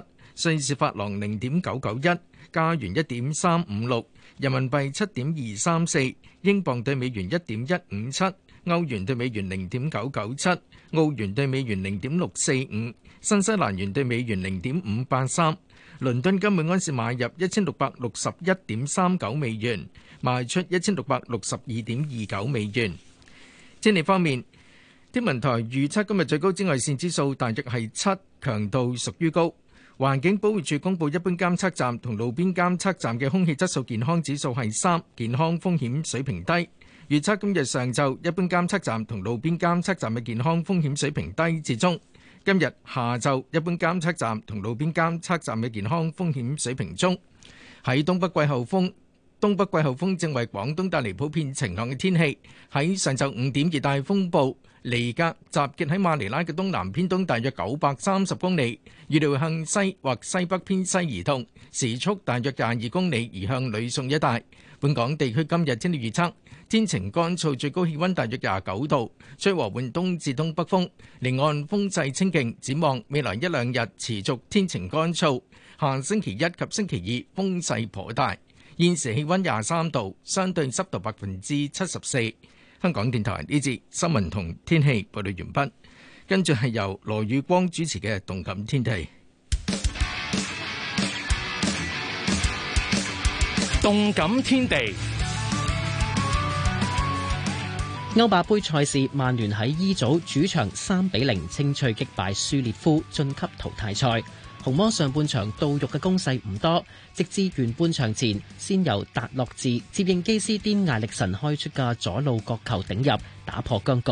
瑞士法郎零點九九一，加元一點三五六，人民幣七點二三四，英鎊對美元一點一五七。歐元兌美元零點九九七，澳元兌美元零點六四五，新西蘭元兌美元零點五八三。倫敦金每盎司買入一千六百六十一點三九美元，賣出一千六百六十二點二九美元。天氣方面，天文台預測今日最高紫外線指數大約係七，強度屬於高。環境保護署公布，一般監測站同路邊監測站嘅空氣質素健康指數係三，健康風險水平低。預測今日上晝一般監測站同路邊監測站嘅健康風險水平低至中。今日下晝一般監測站同路邊監測站嘅健康風險水平中。喺東北季候風，東北季候風正為廣東帶嚟普遍晴朗嘅天氣。喺上晝五點，熱帶風暴尼格集結喺馬尼拉嘅東南偏東大約九百三十公里，預料向西或西北偏西移動，時速大約廿二公里，移向呂宋一帶。本港地區今日天氣預測。天晴乾燥，最高氣温大約廿九度，吹和緩東至東北風，離岸風勢清勁。展望未來一兩日持續天晴乾燥，下星期一及星期二風勢頗大。現時氣温廿三度，相對濕度百分之七十四。香港電台呢節新聞同天氣報道完畢，跟住係由羅宇光主持嘅動感天地。動感天地。歐霸盃賽事，曼聯喺 E 組主場三比零清脆擊敗舒列夫，晉級淘汰賽。紅魔上半場到肉嘅攻勢唔多，直至完半場前，先由達洛治接應基斯顛艾力神開出嘅左路角球頂入，打破僵局。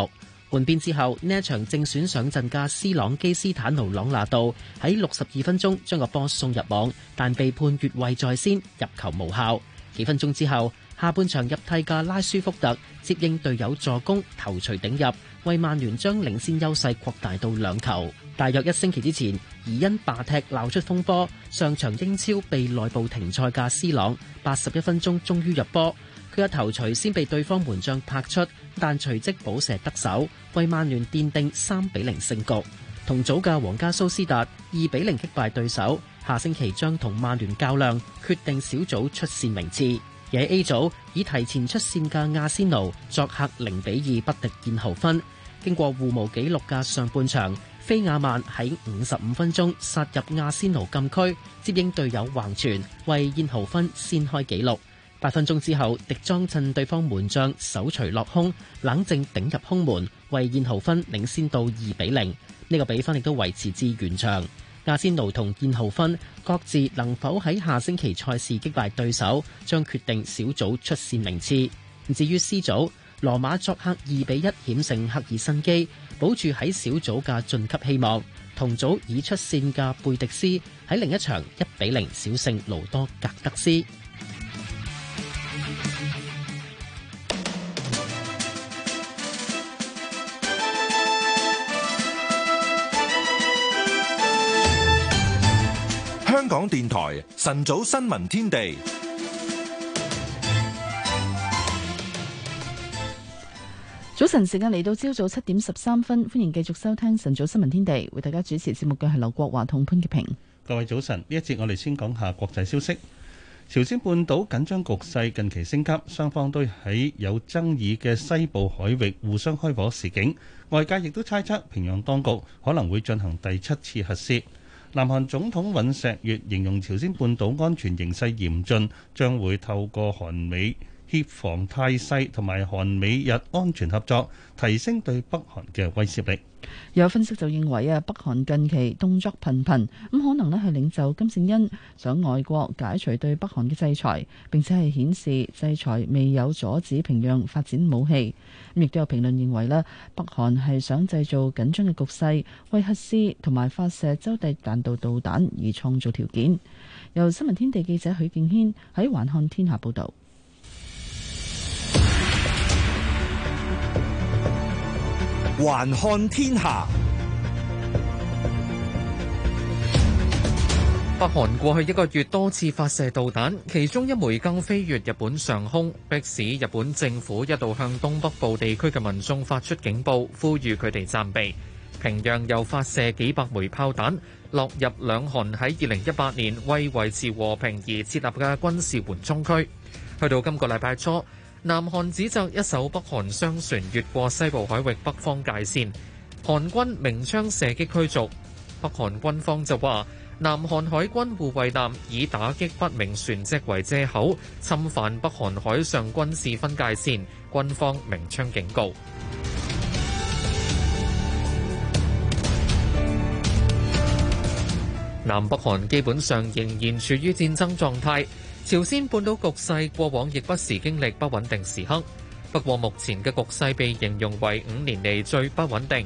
換邊之後，呢一場正選上陣嘅斯朗基斯坦奴朗拿度喺六十二分鐘將個波送入網，但被判越位在先，入球無效。幾分鐘之後。下半場入替嘅拉舒福特接應隊友助攻，頭錘頂入，為曼聯將領先優勢擴大到兩球。大約一星期之前，疑因霸踢鬧出風波，上場英超被內部停賽嘅 C 朗八十一分鐘終於入波，佢嘅頭錘先被對方門將拍出，但隨即補射得手，為曼聯奠定三比零勝局。同組嘅皇家蘇斯達二比零擊敗對手，下星期將同曼聯較量，決定小組出線名次。嘢 A 組以提前出線嘅亞仙奴作客0比2不敵燕豪芬。經過互無紀錄嘅上半場，菲亞曼喺五十五分鐘殺入亞仙奴禁區，接應隊友橫傳，為燕豪芬先開紀錄。八分鐘之後，迪莊趁對方門將手錘落空，冷靜頂入空門，為燕豪芬領先到二比零。呢、這個比分亦都維持至完場。阿仙奴同燕豪芬各自能否喺下星期賽事擊敗對手，將決定小組出線名次。至於 C 組，羅馬作客二比一險勝克爾辛基，保住喺小組嘅晉級希望。同組已出線嘅貝迪斯喺另一場一比零小勝盧多格德斯。港電台晨早新聞天地，早晨時間嚟到朝早七點十三分，歡迎繼續收聽晨早新聞天地，為大家主持節目嘅係劉國華同潘潔平。各位早晨，呢一節我哋先講下國際消息。朝鮮半島緊張局勢近期升級，雙方都喺有爭議嘅西部海域互相開火示警，外界亦都猜測平壤當局可能會進行第七次核試。南韓總統尹錫悅形容朝鮮半島安全形勢嚴峻，將會透過韓美協防態勢同埋韓美日安全合作，提升對北韓嘅威懾力。有分析就認為啊，北韓近期動作頻頻咁，可能咧係領袖金正恩想外國解除對北韓嘅制裁，並且係顯示制裁未有阻止平壤發展武器。咁亦都有評論認為咧，北韓係想製造緊張嘅局勢，為核試同埋發射洲際彈道導彈而創造條件。由新聞天地記者許敬軒喺環看天下報導。環看天下。北韓過去一個月多次發射導彈，其中一枚更飛越日本上空，迫使日本政府一度向東北部地區嘅民眾發出警報，呼籲佢哋暫避。平壤又發射幾百枚炮彈，落入兩韓喺二零一八年為維持和平而設立嘅軍事緩衝區。去到今個禮拜初，南韓指責一艘北韓商船越過西部海域北方界線，韓軍鳴槍射擊驅逐。北韓軍方就話。南韓海軍護衛艦以打擊不明船隻為借口，侵犯北韓海上軍事分界線，軍方鳴槍警告。南北韓基本上仍然處於戰爭狀態，朝鮮半島局勢過往亦不時經歷不穩定時刻。不過，目前嘅局勢被形容為五年嚟最不穩定。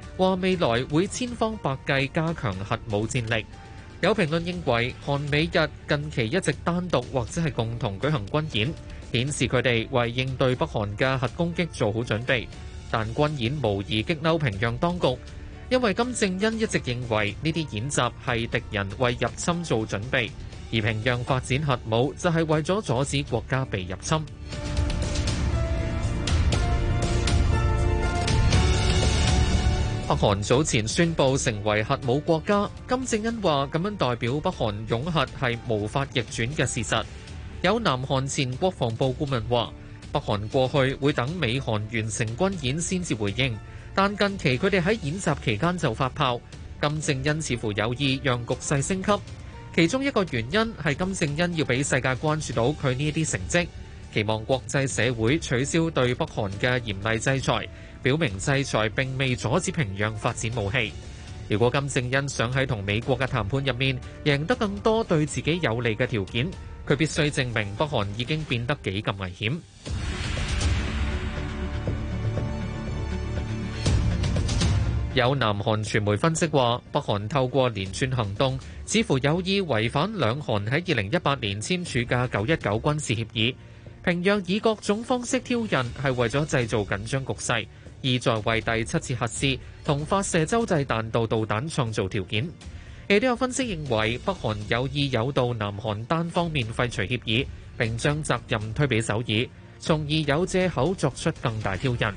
話未來會千方百計加強核武戰力。有評論認為，韓美日近期一直單獨或者係共同舉行軍演，顯示佢哋為應對北韓嘅核攻擊做好準備。但軍演無疑激嬲平壤當局，因為金正恩一直認為呢啲演習係敵人為入侵做準備，而平壤發展核武就係為咗阻止國家被入侵。北韓早前宣布成為核武國家，金正恩話咁樣代表北韓擁核係無法逆轉嘅事實。有南韓前國防部顧問話：北韓過去會等美韓完成軍演先至回應，但近期佢哋喺演習期間就發炮，金正恩似乎有意讓局勢升級。其中一個原因係金正恩要俾世界關注到佢呢啲成績，期望國際社會取消對北韓嘅嚴厲制裁。表明制裁並未阻止平壤發展武器。如果金正恩想喺同美國嘅談判入面贏得更多對自己有利嘅條件，佢必須證明北韓已經變得幾咁危險。有南韓傳媒分析話，北韓透過連串行動，似乎有意違反兩韓喺二零一八年簽署嘅九一九軍事協議，平壤以各種方式挑釁，係為咗製造緊張局勢。意在為第七次核試同發射洲際彈道導彈創造條件。亦都有分析認為，北韓有意誘導南韓單方面廢除協議，並將責任推俾首爾，從而有借口作出更大挑釁。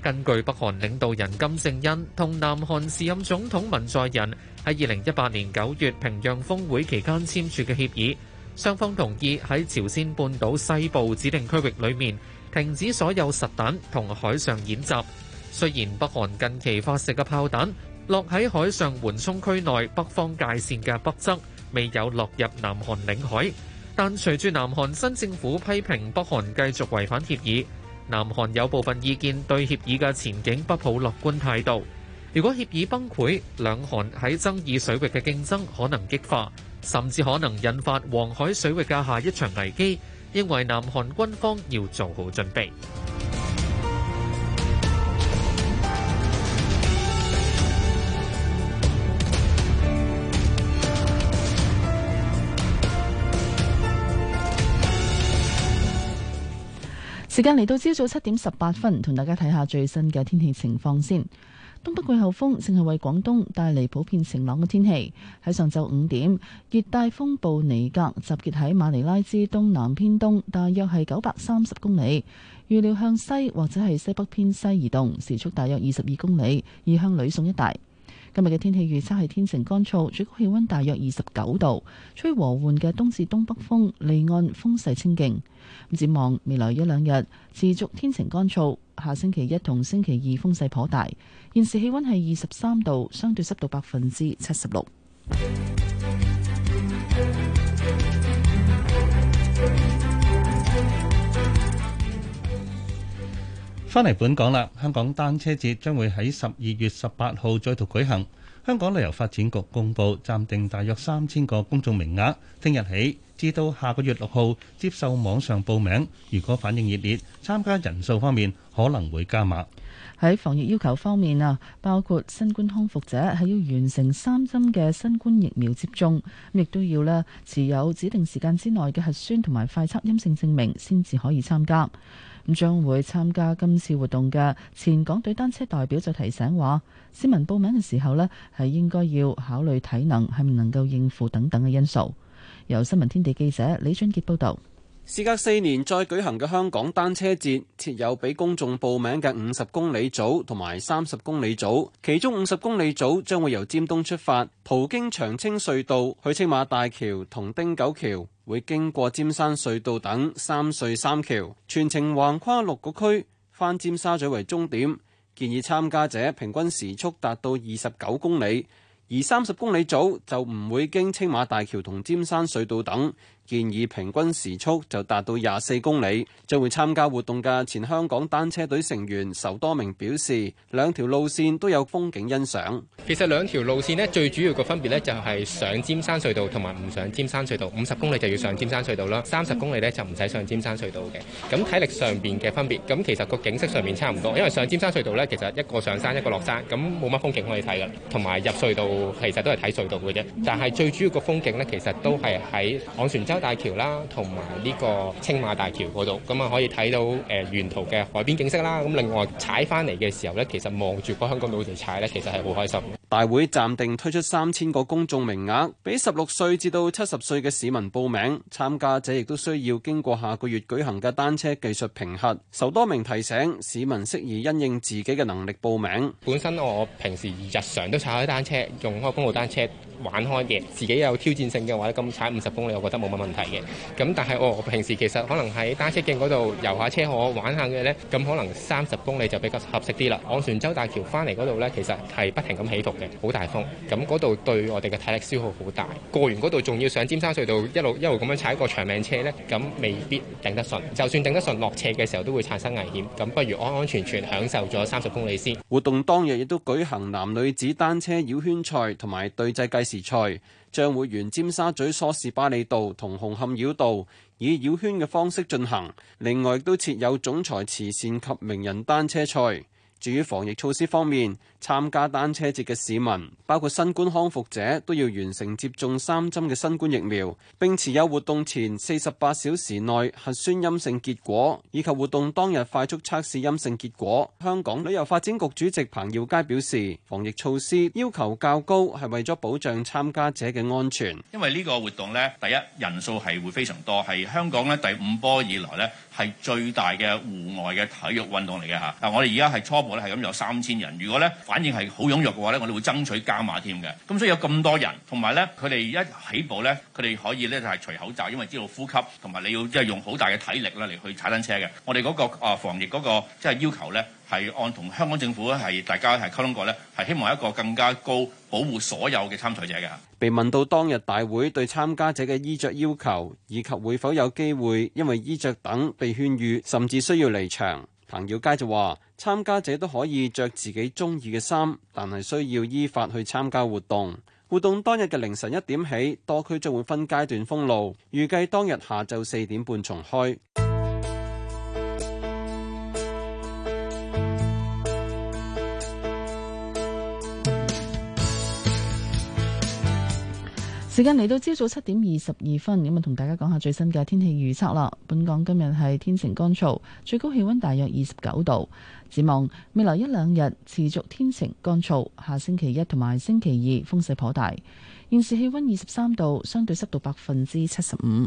根據北韓領導人金正恩同南韓時任總統文在寅喺二零一八年九月平壤峰會期間簽署嘅協議，雙方同意喺朝鮮半島西部指定區域裏面，停止所有實彈同海上演習。雖然北韓近期發射嘅炮彈落喺海上緩衝區內北方界線嘅北側，未有落入南韓領海，但隨住南韓新政府批評北韓繼續違反協議，南韓有部分意見對協議嘅前景不抱樂觀態度。如果協議崩潰，兩韓喺爭議水域嘅競爭可能激化，甚至可能引發黃海水域嘅下一場危機。認為南韓軍方要做好準備。時間嚟到朝早七點十八分，同大家睇下最新嘅天氣情況先。東北季候風正係為廣東帶嚟普遍晴朗嘅天氣。喺上晝五點，熱帶風暴尼格集結喺馬尼拉之東南偏東，大約係九百三十公里，預料向西或者係西北偏西移動，時速大約二十二公里，而向呂宋一帶。今日嘅天氣預測係天晴乾燥，最高氣溫大約二十九度，吹和緩嘅東至東北風，離岸風勢清勁。展望未來一兩日持續天晴乾燥，下星期一同星期二風勢頗大。現時氣溫係二十三度，相對濕度百分之七十六。返嚟本港啦，香港單車節將會喺十二月十八號再度舉行。香港旅遊發展局公布暫定大約三千個公眾名額，聽日起至到下個月六號接受網上報名。如果反應熱烈，參加人數方面可能會加碼。喺防疫要求方面啊，包括新冠康復者係要完成三針嘅新冠疫苗接種，亦都要呢持有指定時間之內嘅核酸同埋快測陰性證明先至可以參加。將會參加今次活動嘅前港隊單車代表就提醒話，市民報名嘅時候呢，係應該要考慮體能係唔能夠應付等等嘅因素。由新聞天地記者李俊杰報道。事隔四年再舉行嘅香港單車節設有俾公眾報名嘅五十公里組同埋三十公里組，其中五十公里組將會由尖東出發，途經長青隧道，去青馬大橋同汀九橋。會經過尖山隧道等三隧三橋，全程橫跨六個區，返尖沙咀為終點。建議參加者平均時速達到二十九公里，而三十公里組就唔會經青馬大橋同尖山隧道等。建議平均時速就達到廿四公里。將會參加活動嘅前香港單車隊成員仇多名表示，兩條路線都有風景欣賞。其實兩條路線呢，最主要嘅分別呢，就係上尖山隧道同埋唔上尖山隧道。五十公里就要上尖山隧道啦，三十公里呢就唔使上尖山隧道嘅。咁體力上面嘅分別，咁其實個景色上面差唔多，因為上尖山隧道呢，其實一個上山一個落山，咁冇乜風景可以睇噶。同埋入隧道其實都係睇隧道嘅啫，但係最主要個風景呢，其實都係喺昂船洲大橋啦，同埋呢個青馬大橋嗰度，咁啊可以睇到誒、呃、沿途嘅海邊景色啦。咁另外踩翻嚟嘅時候咧，其實望住個香港島嚟踩咧，其實係好開心。大會暫定推出三千個公眾名額，俾十六歲至到七十歲嘅市民報名。參加者亦都需要經過下個月舉行嘅單車技術評核。受多名提醒，市民適宜因應自己嘅能力報名。本身我平時日常都踩開單車，用開公路單車玩開嘅，自己有挑戰性嘅話咁踩五十公里，我覺得冇乜問題嘅。咁但係我平時其實可能喺單車徑嗰度遊下車河玩下嘅呢，咁可能三十公里就比較合適啲啦。往船洲大橋翻嚟嗰度呢，其實係不停咁起伏。好大風，咁嗰度對我哋嘅體力消耗好大。過完嗰度仲要上尖山隧道一路一路咁樣踩個長命車呢，咁未必頂得順。就算頂得順，落斜嘅時候都會產生危險。咁不如安安全全享受咗三十公里先。活動當日亦都舉行男女子單車繞圈賽同埋隊際計時賽，將會沿尖沙咀梳士巴利道同紅磡繞道以繞圈嘅方式進行。另外都設有總裁慈善及名人單車賽。至於防疫措施方面，參加單車節嘅市民，包括新冠康復者，都要完成接種三針嘅新冠疫苗，並持有活動前四十八小時內核酸陰性結果，以及活動當日快速測試陰性結果。香港旅遊發展局主席彭耀佳表示，防疫措施要求較高係為咗保障參加者嘅安全，因為呢個活動咧，第一人數係會非常多，係香港咧第五波以來咧係最大嘅戶外嘅體育運動嚟嘅嚇。嗱，我哋而家係初步咧係咁有三千人，如果咧，反應係好踴躍嘅話咧，我哋會爭取加碼添嘅。咁所以有咁多人，同埋咧，佢哋一起步咧，佢哋可以咧就係除口罩，因為知道呼吸，同埋你要即係用好大嘅體力啦嚟去踩單車嘅。我哋嗰個啊防疫嗰個即係要求咧，係按同香港政府係大家係溝通過咧，係希望一個更加高保護所有嘅參賽者嘅。被問到當日大會對參加者嘅衣着要求，以及會否有機會因為衣着等被勸喻，甚至需要離場。彭耀佳就話：參加者都可以着自己中意嘅衫，但係需要依法去參加活動。活動當日嘅凌晨一點起，多區將會分階段封路，預計當日下晝四點半重開。時間嚟到，朝早七點二十二分，咁啊同大家講下最新嘅天氣預測啦。本港今日係天晴乾燥，最高氣溫大約二十九度。展望未來一兩日持續天晴乾燥，下星期一同埋星期二風勢頗大。現時氣溫二十三度，相對濕度百分之七十五。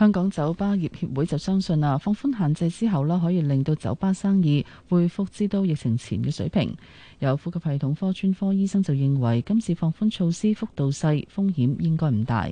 香港酒吧業協會就相信啦，放寬限制之後咧，可以令到酒吧生意恢復至到疫情前嘅水平。有呼吸系統科專科醫生就認為，今次放寬措施幅度細，風險應該唔大。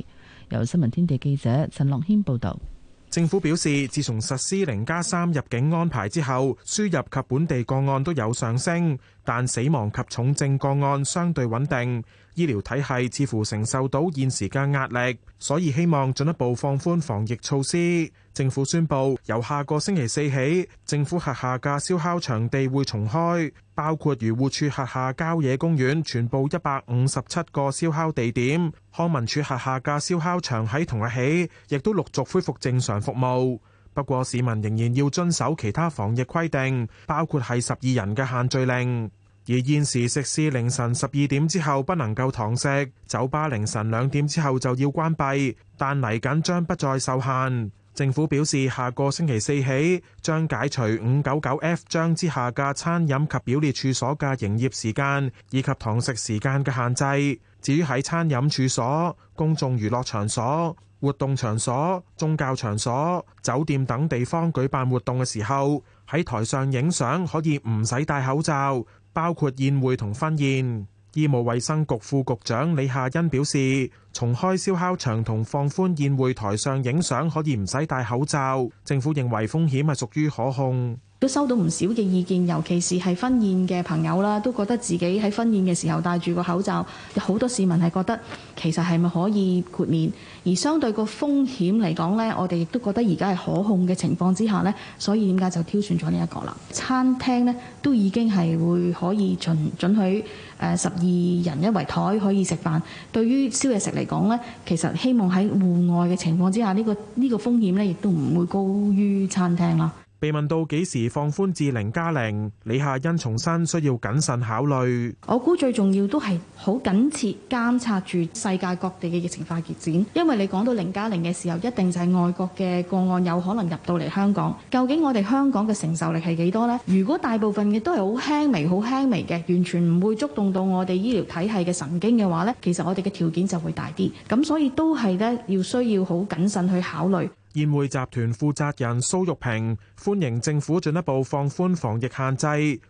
由新聞天地記者陳樂軒報導。政府表示，自從實施零加三入境安排之後，輸入及本地個案都有上升，但死亡及重症個案相對穩定。醫療體系似乎承受到現時嘅壓力，所以希望進一步放寬防疫措施。政府宣布由下個星期四起，政府轄下嘅燒烤場地會重開，包括漁護署轄下郊野公園全部一百五十七個燒烤地點，康文署轄下嘅燒烤場喺同日起亦都陸續恢復正常服務。不過市民仍然要遵守其他防疫規定，包括係十二人嘅限聚令。而現時食肆凌晨十二點之後不能夠堂食，酒吧凌晨兩點之後就要關閉。但嚟緊將不再受限。政府表示，下個星期四起將解除五九九 F 章之下嘅餐飲及表列處所嘅營業時間，以及堂食時間嘅限制。至於喺餐飲處所、公眾娛樂場所、活動場所、宗教場所、酒店等地方舉辦活動嘅時候，喺台上影相可以唔使戴口罩。包括宴會同婚宴，醫務衛生局副局長李夏欣表示，重開燒烤場同放寬宴會台上影相可以唔使戴口罩，政府認為風險係屬於可控。都收到唔少嘅意見，尤其是係婚宴嘅朋友啦，都覺得自己喺婚宴嘅時候戴住個口罩。有好多市民係覺得其實係咪可以豁免，而相對個風險嚟講呢，我哋亦都覺得而家係可控嘅情況之下呢，所以點解就挑選咗呢一個啦。餐廳呢，都已經係會可以準準許誒十二人一圍枱可以食飯。對於宵夜食嚟講呢，其實希望喺戶外嘅情況之下，呢、呢個呢、呢個風險呢亦都唔會高於餐廳啦。被問到幾時放寬至零加零，李夏茵重申需要謹慎考慮。我估最重要都係好緊切監察住世界各地的疫情發展。因為你講到零加零的時候，一定就係外國的個案有可能入到嚟香港。究竟我哋香港的承受力係幾多呢？如果大部分的都係好輕微，好輕微的，完全唔會觸動到我哋醫療體系的神經的話呢，其實我哋的條件就會大啲。噉所以都係呢，要需要好謹慎去考慮。宴會集團負責人蘇玉平歡迎政府進一步放寬防疫限制。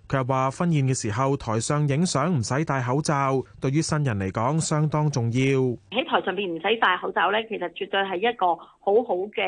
佢又話婚宴嘅時候台上影相唔使戴口罩，對於新人嚟講相當重要。喺台上邊唔使戴口罩咧，其實絕對係一個好好嘅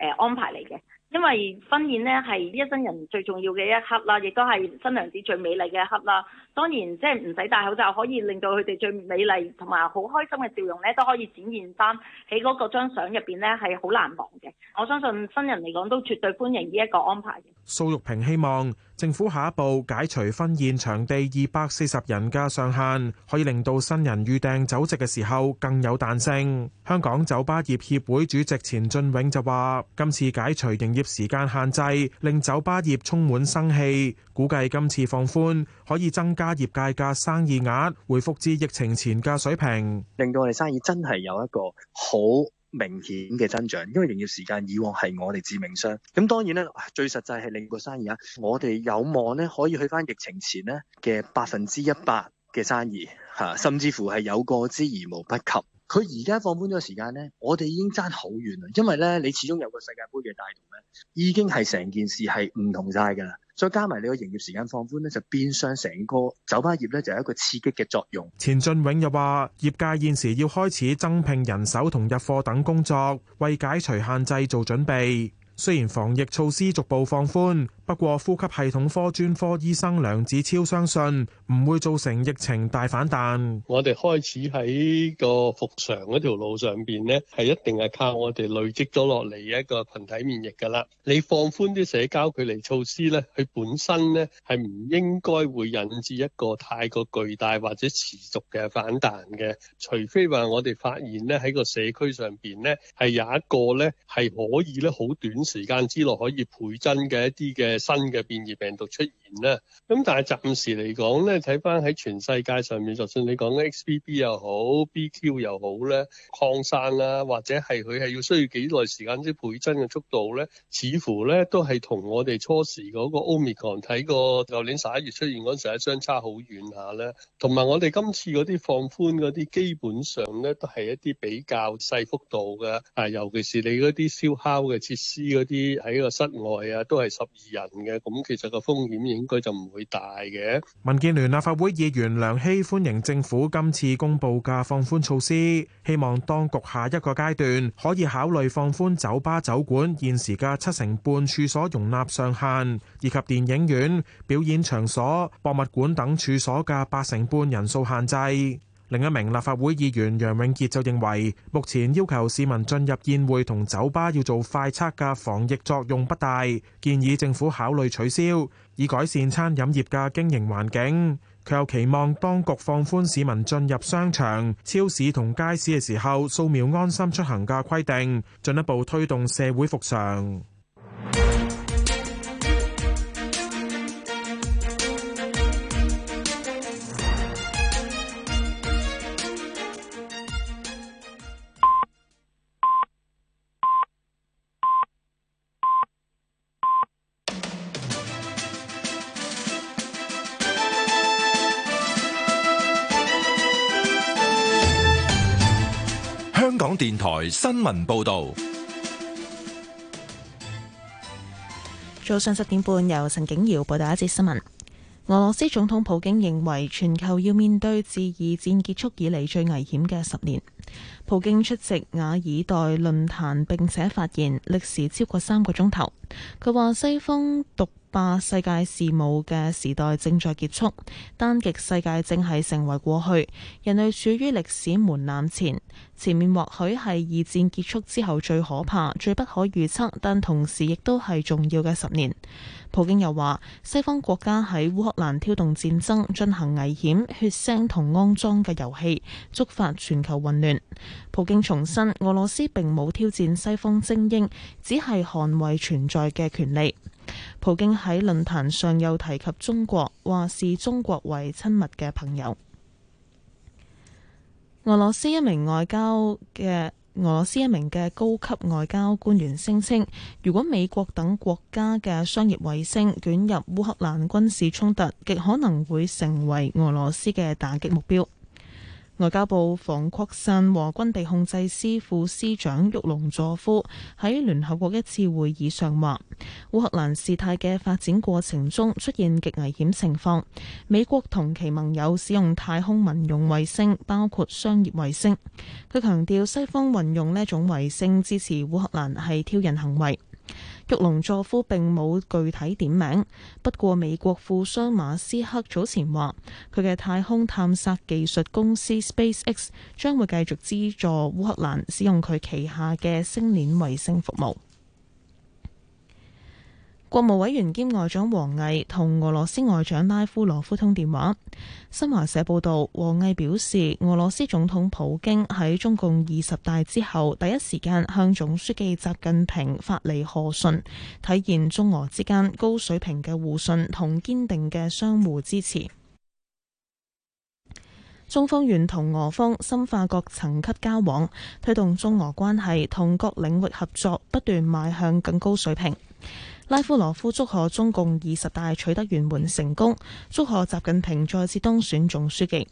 誒安排嚟嘅。因為婚宴咧係呢一生人最重要嘅一刻啦，亦都係新娘子最美麗嘅一刻啦。當然即係唔使戴口罩，可以令到佢哋最美麗同埋好開心嘅笑容咧，都可以展現翻喺嗰個張相入邊咧係好難忘嘅。我相信新人嚟講都絕對歡迎呢一個安排嘅。蘇玉平希望。政府下一步解除婚宴場地二百四十人嘅上限，可以令到新人預訂酒席嘅時候更有彈性。香港酒吧業協會主席錢俊永就話，今次解除營業時間限制，令酒吧業充滿生氣，估計今次放寬可以增加業界嘅生意額，回復至疫情前嘅水平，令到我哋生意真係有一個好明顯嘅增長，因為營業時間以往係我哋致命傷。咁當然咧，最實際係另一個生意啊！我哋有望咧可以去返疫情前咧嘅百分之一百嘅生意吓，甚至乎係有過之而無不及。佢而家放寬咗時間呢，我哋已經爭好遠啦。因為呢，你始終有個世界盃嘅帶動呢，已經係成件事係唔同晒噶啦。再加埋你個營業時間放寬呢，就變相成個酒吧業呢，就有一個刺激嘅作用。錢俊永又話：業界現時要開始增聘人手同入貨等工作，為解除限制做準備。雖然防疫措施逐步放寬，不過呼吸系統科專科醫生梁子超相信唔會造成疫情大反彈。我哋開始喺個復常嗰條路上邊呢，係一定係靠我哋累積咗落嚟一個群體免疫噶啦。你放寬啲社交距離措施呢，佢本身呢係唔應該會引致一個太過巨大或者持續嘅反彈嘅，除非話我哋發現呢，喺個社區上邊呢，係有一個呢係可以咧好短，時間之內可以倍增嘅一啲嘅新嘅變異病毒出現咧，咁、嗯、但係暫時嚟講咧，睇翻喺全世界上面，就算你講 XBB 又好、BQ 又好咧，擴散啊，或者係佢係要需要幾耐時間先倍增嘅速度咧，似乎咧都係同我哋初時嗰個 Omicron 睇過舊年十一月出現嗰陣時候相差好遠下咧。同埋我哋今次嗰啲放寬嗰啲，基本上咧都係一啲比較細幅度嘅，啊，尤其是你嗰啲燒烤嘅設施。嗰啲喺個室外啊，都係十二人嘅，咁其實個風險應該就唔會大嘅。民建聯立法會議員梁希歡迎政府今次公布嘅放寬措施，希望當局下一個階段可以考慮放寬酒吧、酒館現時嘅七成半處所容納上限，以及電影院、表演場所、博物館等處所嘅八成半人數限制。另一名立法會議員楊永傑就認為，目前要求市民進入宴會同酒吧要做快測嘅防疫作用不大，建議政府考慮取消，以改善餐飲業嘅經營環境。佢又期望當局放寬市民進入商場、超市同街市嘅時候，掃描安心出行嘅規定，進一步推動社會復常。台新聞報道，早上十點半由陳景瑤報道一節新聞。俄羅斯總統普京認為全球要面對自二戰結束以嚟，最危險嘅十年。普京出席雅爾代論壇並且發言，歷時超過三個鐘頭。佢話西方獨霸世界事務嘅時代正在結束，單極世界正係成為過去。人類處於歷史門檻前，前面或許係二戰結束之後最可怕、最不可預測，但同時亦都係重要嘅十年。普京又話：西方國家喺烏克蘭挑動戰爭，進行危險、血腥同骯髒嘅遊戲，觸發全球混亂。普京重申俄羅斯並冇挑戰西方精英，只係捍衛存在嘅權利。普京喺論壇上又提及中國，話視中國為親密嘅朋友。俄羅斯一名外交嘅俄羅斯一名嘅高級外交官員聲稱，如果美國等國家嘅商業衛星捲入烏克蘭軍事衝突，極可能會成為俄羅斯嘅打擊目標。外交部防擴散和軍備控制司副司長沃龍佐夫喺聯合國一次會議上話：烏克蘭事態嘅發展過程中出現極危險情況，美國同其盟友使用太空民用衛星，包括商業衛星。佢強調，西方運用呢種衛星支持烏克蘭係挑釁行為。育龍佐夫並冇具體點名，不過美國富商馬斯克早前話，佢嘅太空探索技術公司 SpaceX 將會繼續資助烏克蘭使用佢旗下嘅星鏈衛星服務。國務委員兼外長王毅同俄羅斯外長拉夫羅夫通電話。新華社報道，王毅表示，俄羅斯總統普京喺中共二十大之後第一時間向總書記習近平發嚟賀信，體現中俄之間高水平嘅互信同堅定嘅相互支持。中方願同俄方深化各層級交往，推動中俄關係同各領域合作不斷邁向更高水平。拉夫羅夫祝賀中共二十大取得圓滿成功，祝賀習近平再次當選總書記。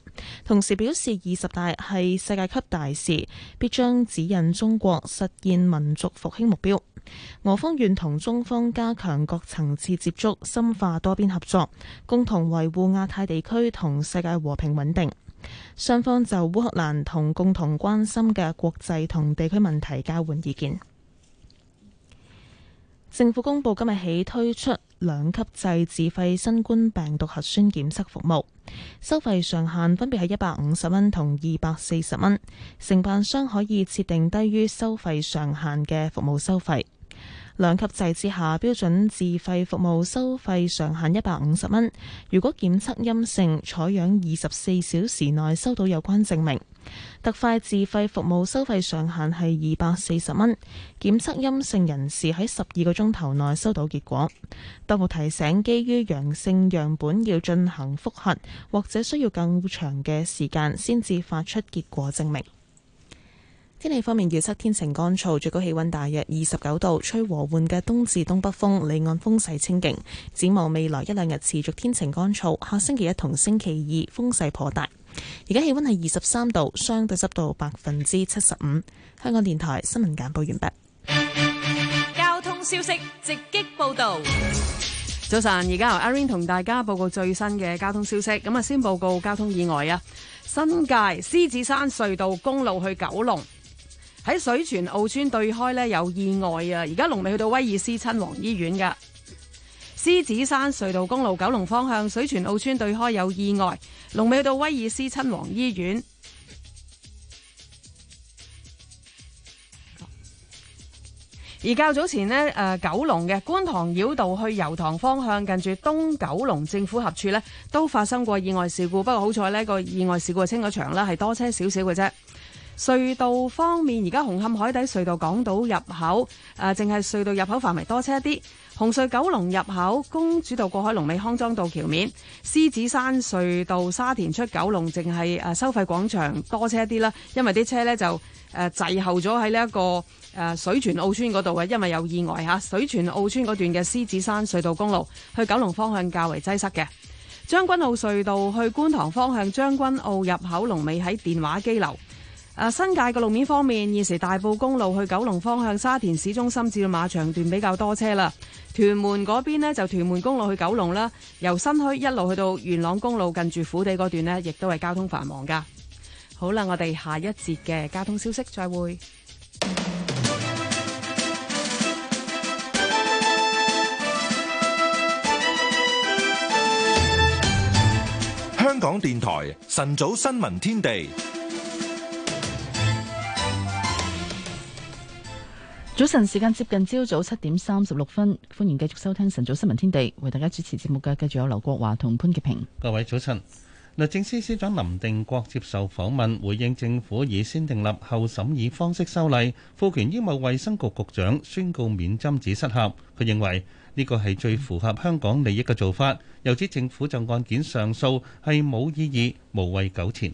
同時表示，二十大係世界級大事，必將指引中國實現民族復興目標。俄方願同中方加強各層次接觸，深化多邊合作，共同維護亞太地區同世界和平穩定。雙方就烏克蘭同共同關心嘅國際同地區問題交換意見。政府公布今日起推出兩級制自費新冠病毒核酸檢測服務，收費上限分別係一百五十蚊同二百四十蚊，承辦商可以設定低於收費上限嘅服務收費。兩級制之下，標準自費服務收費上限一百五十蚊。如果檢測陰性，採樣二十四小時內收到有關證明。特快自費服務收費上限係二百四十蚊。檢測陰性人士喺十二個鐘頭內收到結果。當局提醒，基於陽性樣本要進行覆核，或者需要更長嘅時間先至發出結果證明。天氣方面，預測天晴乾燥，最高氣温大約二十九度，吹和緩嘅東至東北風。離岸風勢清勁，展望未來一兩日持續天晴乾燥。下星期一同星期二風勢頗大。而家氣温係二十三度，相對濕度百分之七十五。香港電台新聞簡報完畢。交通消息直擊報道。早晨，而家由阿 Rain 同大家報告最新嘅交通消息。咁啊，先報告交通意外啊，新界獅子山隧道公路去九龍。喺水泉澳村對開呢，有意外啊！而家龍尾去到威爾斯親王醫院噶。獅子山隧道公路九龍方向水泉澳村對開有意外，龍尾去到威爾斯親王醫院。而較早前呢，誒、呃、九龍嘅觀塘繞道去油塘方向，近住東九龍政府合處呢，都發生過意外事故。不過好彩呢個意外事故清咗場啦，係多車少少嘅啫。隧道方面，而家紅磡海底隧道港島入口，誒、呃，淨係隧道入口範圍多車啲。紅隧九龍入口、公主道過海、龍尾康莊道橋面、獅子山隧道沙田出九龍，淨係誒收費廣場多車啲啦。因為啲車呢就誒、呃、滯後咗喺呢一個誒水泉澳村嗰度啊，因為有意外吓。水泉澳村嗰段嘅獅子山隧道公路去九龍方向較為擠塞嘅。將軍澳隧道去觀塘方向，將軍澳入口龍尾喺電話機樓。誒，新界嘅路面方面，現時大埔公路去九龍方向、沙田市中心至到馬場段比較多車啦。屯門嗰邊呢，就屯門公路去九龍啦，由新墟一路去到元朗公路近住虎地嗰段呢，亦都係交通繁忙噶。好啦，我哋下一節嘅交通消息，再會。香港電台晨早新聞天地。早晨，時間接近朝早七點三十六分，歡迎繼續收聽晨早新聞天地，為大家主持節目嘅繼續有劉國華同潘潔平。各位早晨，律政司司長林定國接受訪問，回應政府以先訂立後審議方式修例，賦權醫務衛生局局長宣告免針紙失效，佢認為呢個係最符合香港利益嘅做法。又指政府就案件上訴係冇意義，無謂糾纏。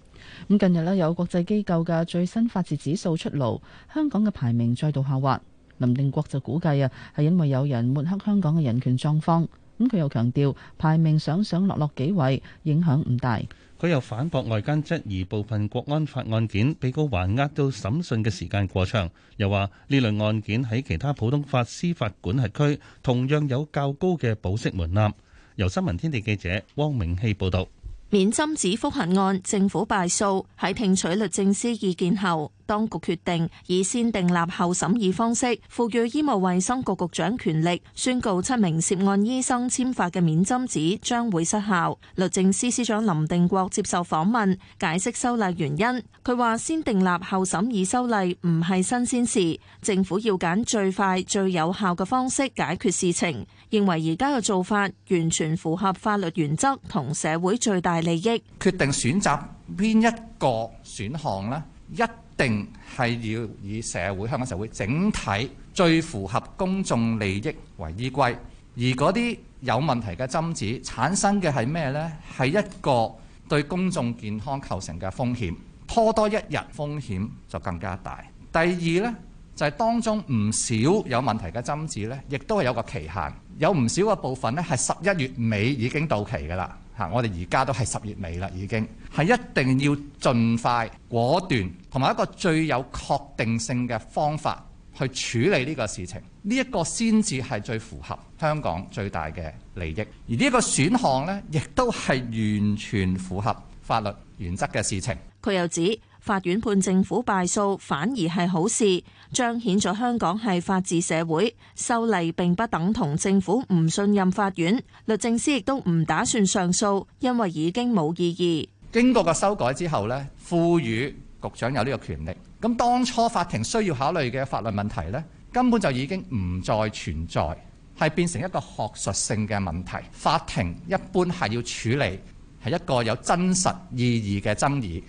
咁近日呢有國際機構嘅最新法治指數出爐，香港嘅排名再度下滑。林定國就估計啊，係因為有人抹黑香港嘅人權狀況，咁佢又強調排名上上落落幾位影響唔大。佢又反駁外間質疑部分國安法案件被告還押到審訊嘅時間過長，又話呢類案件喺其他普通法司法管轄區同樣有較高嘅保釋門檻。由新聞天地記者汪明熙報道。免針紙覆核案政府敗訴，喺聽取律政司意見後，當局決定以先訂立後審議方式，賦予醫務衛生局局長權力，宣告七名涉案醫生簽發嘅免針紙將會失效。律政司司長林定國接受訪問解釋修例原因，佢話：先訂立後審議修例唔係新鮮事，政府要揀最快最有效嘅方式解決事情。認為而家嘅做法完全符合法律原則同社會最大利益。決定選擇邊一個選項呢，一定係要以社會香港社會整體最符合公眾利益為依歸。而嗰啲有問題嘅針紙產生嘅係咩呢？係一個對公眾健康構成嘅風險。拖多一日風險就更加大。第二呢。就係當中唔少有問題嘅針紙，呢亦都係有個期限，有唔少嘅部分呢係十一月尾已經到期㗎啦。嚇，我哋而家都係十月尾啦，已經係一定要盡快果斷同埋一個最有確定性嘅方法去處理呢個事情，呢一個先至係最符合香港最大嘅利益，而呢一個選項咧，亦都係完全符合法律原則嘅事情。佢又指，法院判政府敗訴，反而係好事，彰顯咗香港係法治社會。修例並不等同政府唔信任法院。律政司亦都唔打算上訴，因為已經冇意義。經過個修改之後呢，賦予局長有呢個權力。咁當初法庭需要考慮嘅法律問題呢，根本就已經唔再存在，係變成一個學術性嘅問題。法庭一般係要處理，係一個有真實意義嘅爭議。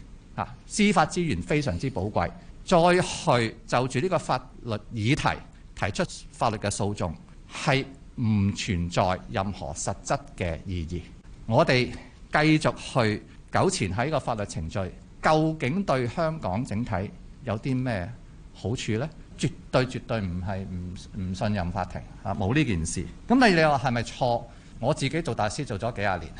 司法資源非常之寶貴，再去就住呢個法律議題提出法律嘅訴訟，係唔存在任何實質嘅意義。我哋繼續去糾纏喺個法律程序，究竟對香港整體有啲咩好處呢？絕對絕對唔係唔唔信任法庭啊！冇呢件事。咁你你話係咪錯？我自己做大師做咗幾廿年，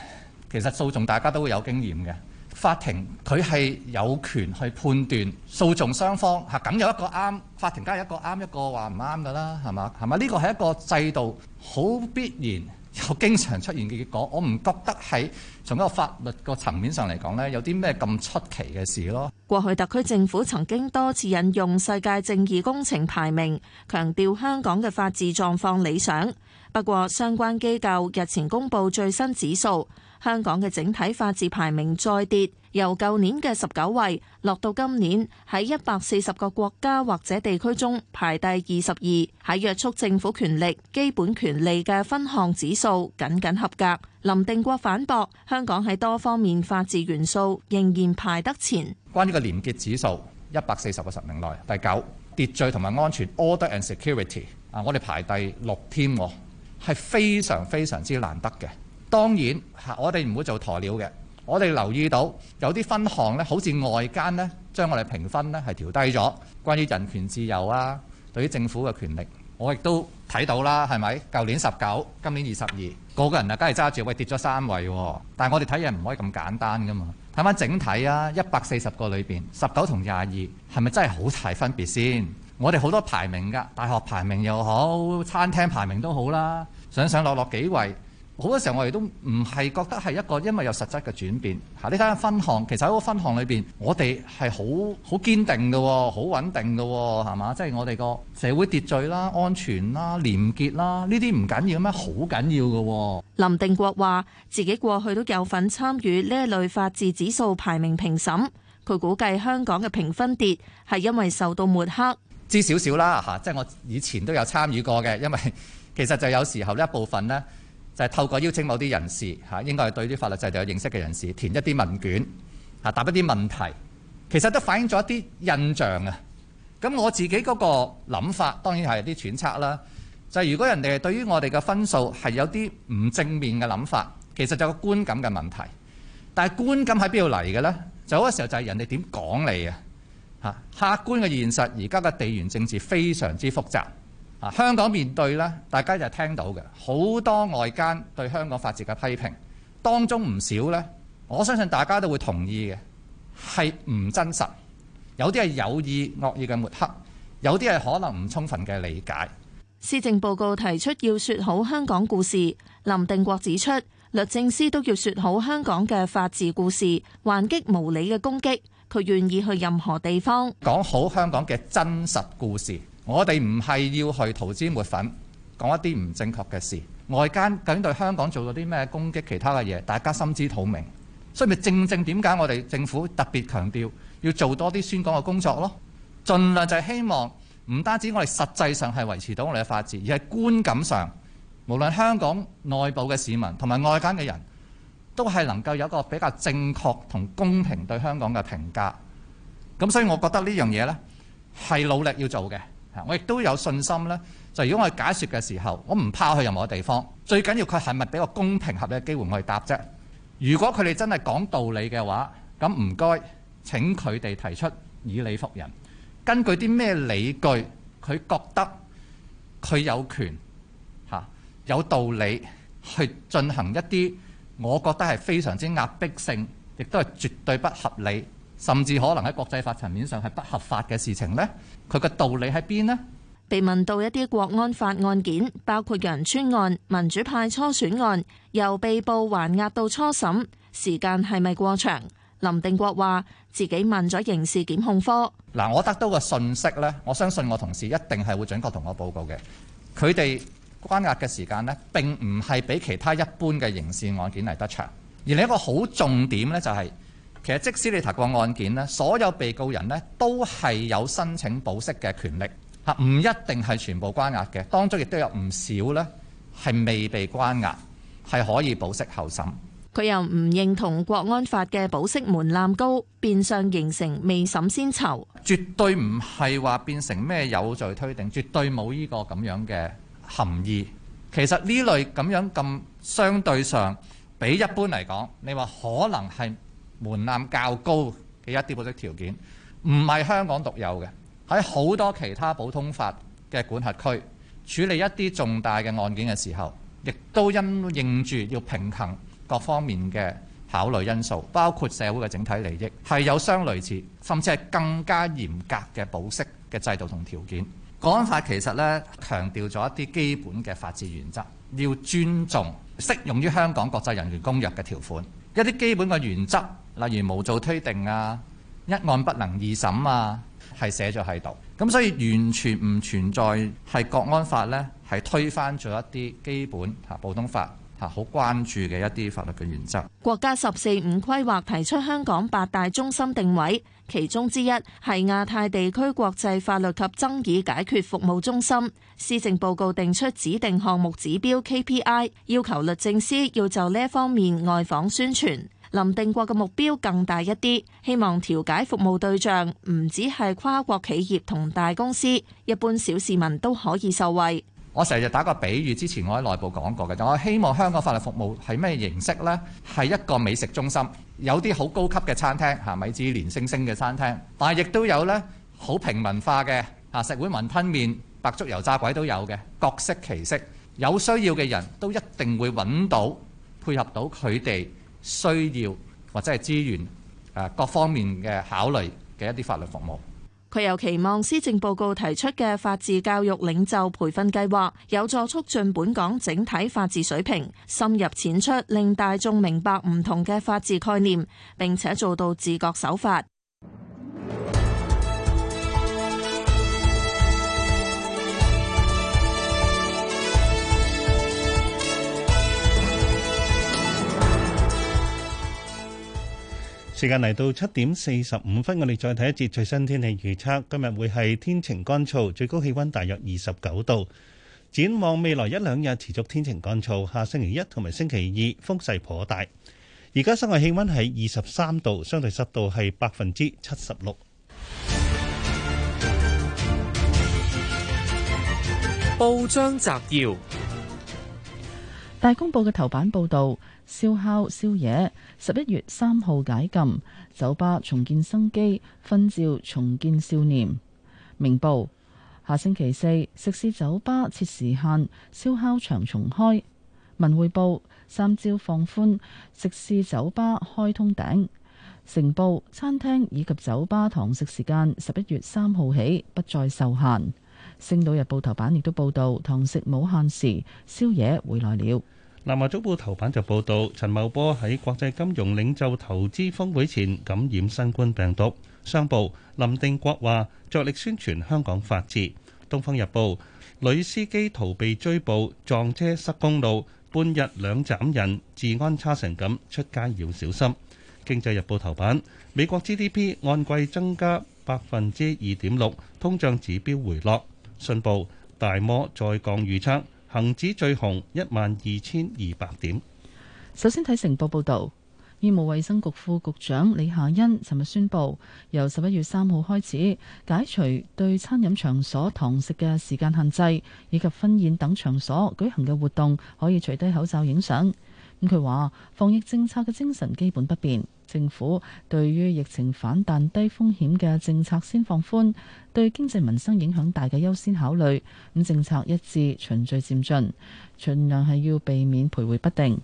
其實訴訟大家都會有經驗嘅。法庭佢係有權去判斷訴訟雙方吓，梗有一個啱，法庭梗有一個啱，一個話唔啱噶啦，係嘛，係嘛？呢個係一個制度好必然又經常出現嘅結果。我唔覺得係從一個法律個層面上嚟講咧，有啲咩咁出奇嘅事咯。過去特區政府曾經多次引用世界正義工程排名，強調香港嘅法治狀況理想。不過相關機構日前公布最新指數。香港嘅整體法治排名再跌，由舊年嘅十九位落到今年喺一百四十個國家或者地區中排第二十二。喺約束政府權力、基本權利嘅分項指數，僅僅合格。林定國反駁，香港喺多方面法治元素仍然排得前。關於個廉潔指數，一百四十個十名內第九，秩序同埋安全 （order and security） 啊，我哋排第六添，係非常非常之難得嘅。當然，我哋唔會做鴕鳥嘅。我哋留意到有啲分項呢，好似外間呢，將我哋評分呢係調低咗。關於人權自由啊，對於政府嘅權力，我亦都睇到啦，係咪？舊年十九，今年二十二，個個人啊，梗係揸住，喂跌咗三位喎。但係我哋睇嘢唔可以咁簡單噶嘛，睇翻整體啊，一百四十個裏邊十九同廿二，係咪真係好大分別先？我哋好多排名㗎，大學排名又好，餐廳排名都好啦，上上落落幾位。好多時候，我哋都唔係覺得係一個，因為有實質嘅轉變嚇。你、啊、睇下分項其實喺個分項裏邊，我哋係好好堅定嘅、哦，好穩定嘅、哦，係嘛？即、就、係、是、我哋個社會秩序啦、安全啦、廉潔啦，呢啲唔緊要咩？好緊要嘅、哦。林定國話：自己過去都有份參與呢一類法治指數排名評審，佢估計香港嘅評分跌係因為受到抹黑。知少少啦嚇、啊，即係我以前都有參與過嘅，因為其實就有時候一部分呢。就係透過邀請某啲人士嚇，應該係對啲法律制度有認識嘅人士填一啲問卷嚇，答一啲問題，其實都反映咗一啲印象啊。咁我自己嗰個諗法當然係一啲揣測啦。就係、是、如果人哋係對於我哋嘅分數係有啲唔正面嘅諗法，其實就個觀感嘅問題。但係觀感喺邊度嚟嘅呢？就好多時候就係人哋點講你啊。客觀嘅現實，而家嘅地緣政治非常之複雜。香港面對呢，大家就聽到嘅好多外間對香港法治嘅批評，當中唔少呢，我相信大家都會同意嘅，係唔真實。有啲係有意惡意嘅抹黑，有啲係可能唔充分嘅理解。施政報告提出要説好香港故事，林定國指出，律政司都要説好香港嘅法治故事，還擊無理嘅攻擊。佢願意去任何地方講好香港嘅真實故事。我哋唔係要去塗脂抹粉，講一啲唔正確嘅事。外間究竟對香港做咗啲咩攻擊？其他嘅嘢，大家心知肚明，所以咪正正點解我哋政府特別強調要做多啲宣講嘅工作咯？儘量就係希望唔單止我哋實際上係維持到我哋嘅法治，而係觀感上，無論香港內部嘅市民同埋外間嘅人都係能夠有一個比較正確同公平對香港嘅評價。咁所以，我覺得呢樣嘢呢，係努力要做嘅。我亦都有信心咧，就如果我假説嘅時候，我唔拋去任何地方，最緊要佢係咪俾個公平合理嘅機會我去答啫？如果佢哋真係講道理嘅話，咁唔該，請佢哋提出以理服人，根據啲咩理據，佢覺得佢有權嚇有道理去進行一啲我覺得係非常之壓迫性，亦都係絕對不合理，甚至可能喺國際法層面上係不合法嘅事情呢？佢嘅道理喺邊呢？被問到一啲國安法案件，包括羊村案、民主派初選案，由被捕還押到初審，時間係咪過長？林定國話：自己問咗刑事檢控科。嗱，我得到嘅信息呢，我相信我同事一定係會準確同我報告嘅。佢哋關押嘅時間呢，並唔係比其他一般嘅刑事案件嚟得長。而另一個好重點呢、就是，就係。其實，即使你提過案件咧，所有被告人咧都係有申請保釋嘅權利，嚇，唔一定係全部關押嘅。當中亦都有唔少咧係未被關押，係可以保釋候審。佢又唔認同國安法嘅保釋門檻高，變相形成未審先囚。絕對唔係話變成咩有罪推定，絕對冇呢個咁樣嘅含義。其實呢類咁樣咁相對上比一般嚟講，你話可能係門檻較高嘅一啲保釋條件，唔係香港獨有嘅。喺好多其他普通法嘅管轄區處理一啲重大嘅案件嘅時候，亦都因應住要平衡各方面嘅考慮因素，包括社會嘅整體利益，係有相類似，甚至係更加嚴格嘅保釋嘅制度同條件。港版國安法其實呢，強調咗一啲基本嘅法治原則，要尊重適用於香港國際人權公約嘅條款，一啲基本嘅原則。例如無做推定啊，一案不能二審啊，係寫咗喺度。咁所以完全唔存在係國安法咧，係推翻咗一啲基本吓普通法吓好關注嘅一啲法律嘅原則。國家十四五規劃提出香港八大中心定位，其中之一係亞太地區國際法律及爭議解決服務中心。施政報告定出指定項目指標 KPI，要求律政司要就呢一方面外訪宣傳。林定國嘅目標更大一啲，希望調解服務對象唔只係跨國企業同大公司，一般小市民都可以受惠。我成日打個比喻，之前我喺內部講過嘅，我希望香港法律服務係咩形式呢？係一個美食中心，有啲好高級嘅餐廳嚇，米芝蓮星星嘅餐廳，但係亦都有呢好平民化嘅嚇，食碗雲吞麵、白粥油炸鬼都有嘅，各色其色。有需要嘅人都一定會揾到配合到佢哋。需要或者係資源誒，各方面嘅考慮嘅一啲法律服務。佢又期望施政報告提出嘅法治教育領袖培訓計劃，有助促進本港整體法治水平，深入淺出令大眾明白唔同嘅法治概念，並且做到自覺守法。時間嚟到七點四十五分，我哋再睇一節最新天氣預測。今日會係天晴乾燥，最高氣温大約二十九度。展望未來一兩日持續天晴乾燥，下星期一同埋星期二風勢頗大。而家室外氣温係二十三度，相對濕度係百分之七十六。報章摘要：大公報嘅頭版報道。燒烤、宵夜，十一月三號解禁，酒吧重建生機，婚照重建笑臉。明報下星期四，食肆酒吧設時限，燒烤場重開。文匯報三招放寬，食肆酒吧開通頂。成報餐廳以及酒吧堂食時間十一月三號起不再受限。星島日報頭版亦都報導，堂食冇限時，宵夜回來了。南華早報頭版就報道，陳茂波喺國際金融領袖投資峰會前感染新冠病毒。商報林定國話，着力宣傳香港法治。《東方日報》女司機逃避追捕撞車塞公路，半日兩斬人，治安差成咁，出街要小心。《經濟日報》頭版美國 GDP 按季增加百分之二點六，通脹指標回落。信報大摩再降預測。恒指最紅一萬二千二百點。首先睇成報報導，醫務衛生局副局長李夏欣尋日宣布，由十一月三號開始解除對餐飲場所堂食嘅時間限制，以及婚宴等場所舉行嘅活動可以除低口罩影相。咁佢話防疫政策嘅精神基本不變。政府對於疫情反彈低風險嘅政策先放寬，對經濟民生影響大嘅優先考慮。咁政策一致循序漸進，儘量係要避免徘徊不定。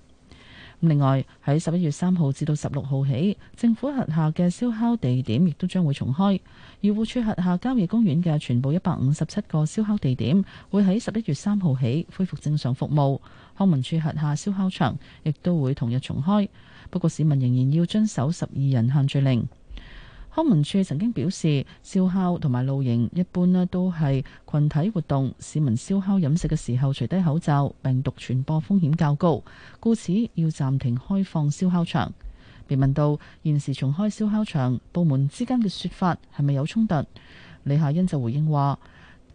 另外喺十一月三號至到十六號起，政府轄下嘅燒烤地點亦都將會重開。漁護署轄下郊野公園嘅全部一百五十七個燒烤地點，會喺十一月三號起恢復正常服務。康文署轄下燒烤場亦都會同日重開。不過，市民仍然要遵守十二人限聚令。康文署曾經表示，燒烤同埋露營一般咧都係群體活動，市民燒烤飲食嘅時候除低口罩，病毒傳播風險較高，故此要暫停開放燒烤場。被問到現時重開燒烤場，部門之間嘅説法係咪有衝突，李夏欣就回應話。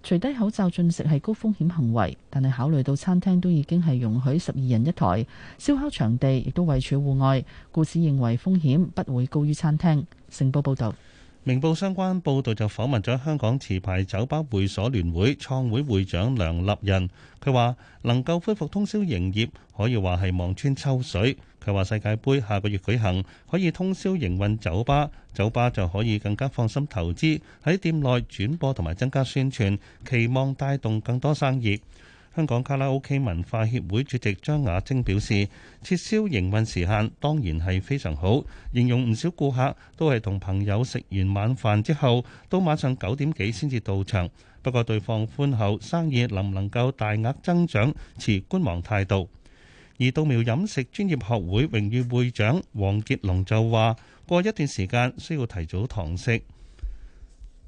除低口罩進食係高風險行為，但係考慮到餐廳都已經係容許十二人一台，燒烤場地亦都位處戶外，故此認為風險不會高於餐廳。成報報道。明報相關報導就訪問咗香港持牌酒吧會所聯會創會會長梁立仁，佢話能夠恢復通宵營業，可以話係望穿秋水。佢話世界盃下個月舉行，可以通宵營運酒吧，酒吧就可以更加放心投資，喺店內轉播同埋增加宣傳，期望帶動更多生意。香港卡拉 OK 文化協會主席張雅晶表示，撤銷營運時限當然係非常好，形容唔少顧客都係同朋友食完晚飯之後，到晚上九點幾先至到場。不過對放寬後生意能唔能夠大額增長持觀望態度。而稻苗飲食專業學會榮譽會長黃傑龍就話，過一段時間需要提早堂食。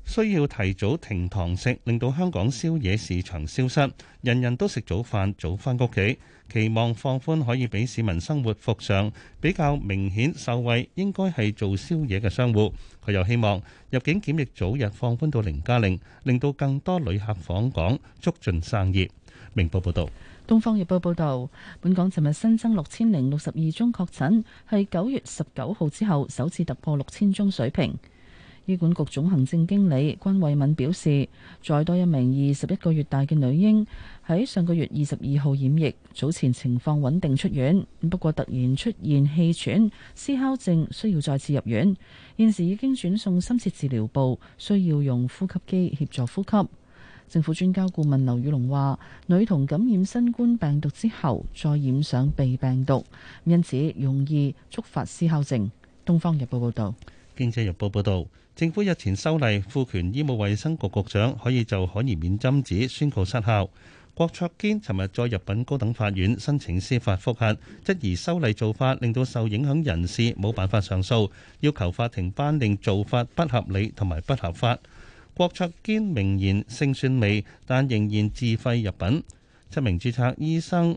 需要提早停堂食，令到香港宵夜市場消失，人人都食早飯，早翻屋企，期望放寬可以俾市民生活復常。比較明顯受惠應該係做宵夜嘅商戶。佢又希望入境檢疫早日放寬到零加零，令到更多旅客訪港，促進生意。明報報道，東方日報報道，本港尋日新增六千零六十二宗確診，係九月十九號之後首次突破六千宗水平。醫管局總行政經理關慧敏表示，再多一名二十一個月大嘅女嬰喺上個月二十二號染疫，早前情況穩定出院，不過突然出現氣喘、思考症，需要再次入院。現時已經轉送深切治療部，需要用呼吸機協助呼吸。政府專家顧問劉宇龍話，女童感染新冠病毒之後再染上鼻病毒，因此容易觸發思考症。東方日報報道。《經濟日報》報導，政府日前修例賦權醫務衛生局局長可以就可疑免針紙宣告失效。郭卓堅尋日再入禀高等法院申請司法覆核，質疑修例做法令到受影響人士冇辦法上訴，要求法庭頒令做法不合理同埋不合法。郭卓堅明言勝算微，但仍然自費入禀。七名註冊醫生。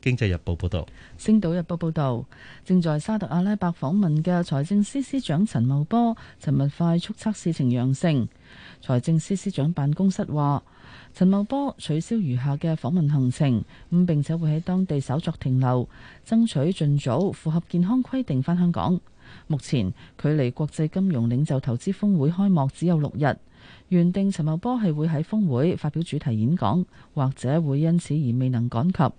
《經濟日報》報導，《星島日報》報導，正在沙特阿拉伯訪問嘅財政司司長陳茂波，尋日快速測試呈陽性。財政司司長辦公室話：陳茂波取消餘下嘅訪問行程，咁並且會喺當地稍作停留，爭取盡早符合健康規定返香港。目前距離國際金融領袖投資峰會開幕只有六日，原定陳茂波係會喺峰會發表主題演講，或者會因此而未能趕及。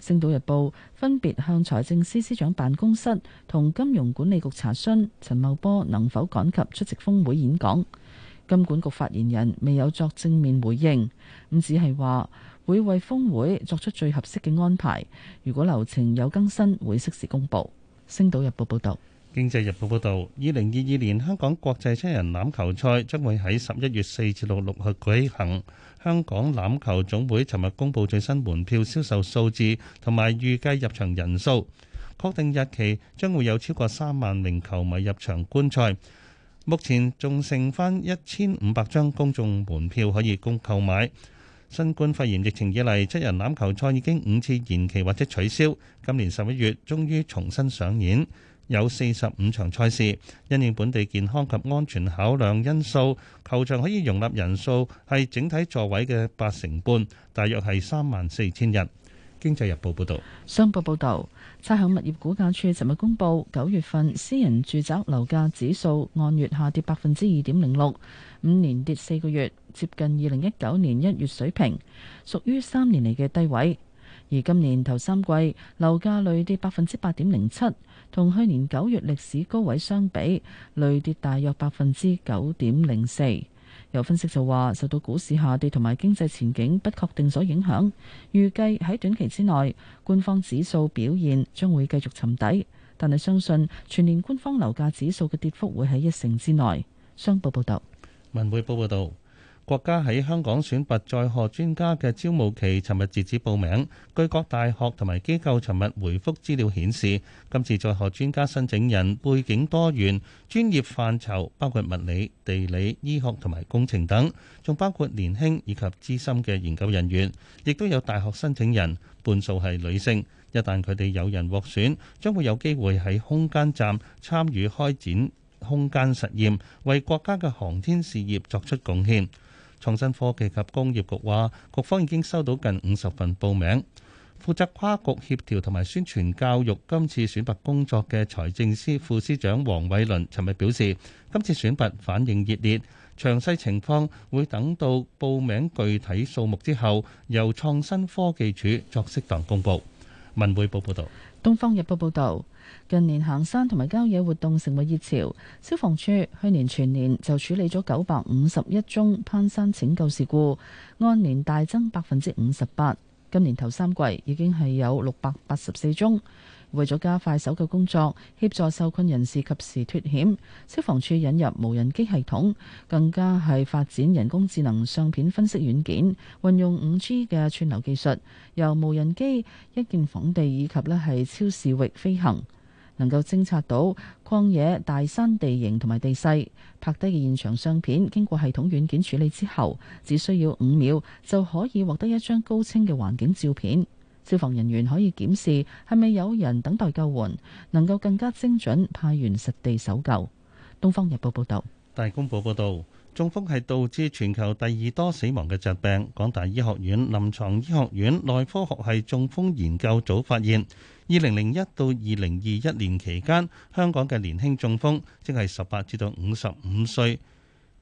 星島日報分別向財政司司長辦公室同金融管理局查詢陳茂波能否趕及出席峰會演講，金管局發言人未有作正面回應，咁只係話會為峰會作出最合適嘅安排，如果流程有更新，會適時公布。星島日報報道。《經濟日報》報道，二零二二年香港國際七人欖球賽將會喺十一月四至六六號舉行。香港欖球總會尋日公布最新門票銷售數字同埋預計入場人數，確定日期將會有超過三萬名球迷入場觀賽。目前仲剩翻一千五百張公眾門票可以供購買。新冠肺炎疫情以嚟，七人欖球賽已經五次延期或者取消，今年十一月終於重新上演。有四十五場賽事，因應本地健康及安全考量因素，球場可以容納人數係整體座位嘅八成半，大約係三萬四千人。經濟日報報道，商報報道，差餉物業估價處昨日公布，九月份私人住宅樓價指數按月下跌百分之二點零六，五年跌四個月，接近二零一九年一月水平，屬於三年嚟嘅低位。而今年頭三季樓價累跌百分之八點零七。同去年九月歷史高位相比，累跌大約百分之九點零四。有分析就話，受到股市下跌同埋經濟前景不確定所影響，預計喺短期之內，官方指數表現將會繼續沉底。但係相信全年官方樓價指數嘅跌幅會喺一成之內。商報報道。文匯報報導。國家喺香港選拔載荷專家嘅招募期，尋日截止報名。據各大學同埋機構尋日回覆資料顯示，今次載荷專家申請人背景多元，專業範疇包括物理、地理、醫學同埋工程等，仲包括年輕以及資深嘅研究人員，亦都有大學申請人，半數係女性。一旦佢哋有人獲選，將會有機會喺空間站參與開展空間實驗，為國家嘅航天事業作出貢獻。創新科技及工業局話，局方已經收到近五十份報名。負責跨局協調同埋宣傳教育今次選拔工作嘅財政司副司長黃偉綸，尋日表示，今次選拔反應熱烈，詳細情況會等到報名具體數目之後，由創新科技處作適當公佈。文匯報報道。東方日報報道。近年行山同埋郊野活動成為熱潮，消防處去年全年就處理咗九百五十一宗攀山拯救事故，按年大增百分之五十八。今年頭三季已經係有六百八十四宗。為咗加快搜救工作，協助受困人士及時脫險，消防處引入無人機系統，更加係發展人工智能相片分析軟件，運用五 G 嘅串流技術，由無人機一鍵仿地以及咧係超視域飛行。能夠偵察到曠野、大山地形同埋地勢拍低嘅現場相片，經過系統軟件處理之後，只需要五秒就可以獲得一張高清嘅環境照片。消防人員可以檢視係咪有人等待救援，能夠更加精準派員實地搜救。東方日報報道，大公報報道，中風係導致全球第二多死亡嘅疾病。港大醫學院臨床醫學院內科學係中風研究組發現。二零零一到二零二一年期間，香港嘅年輕中風，即係十八至到五十五歲，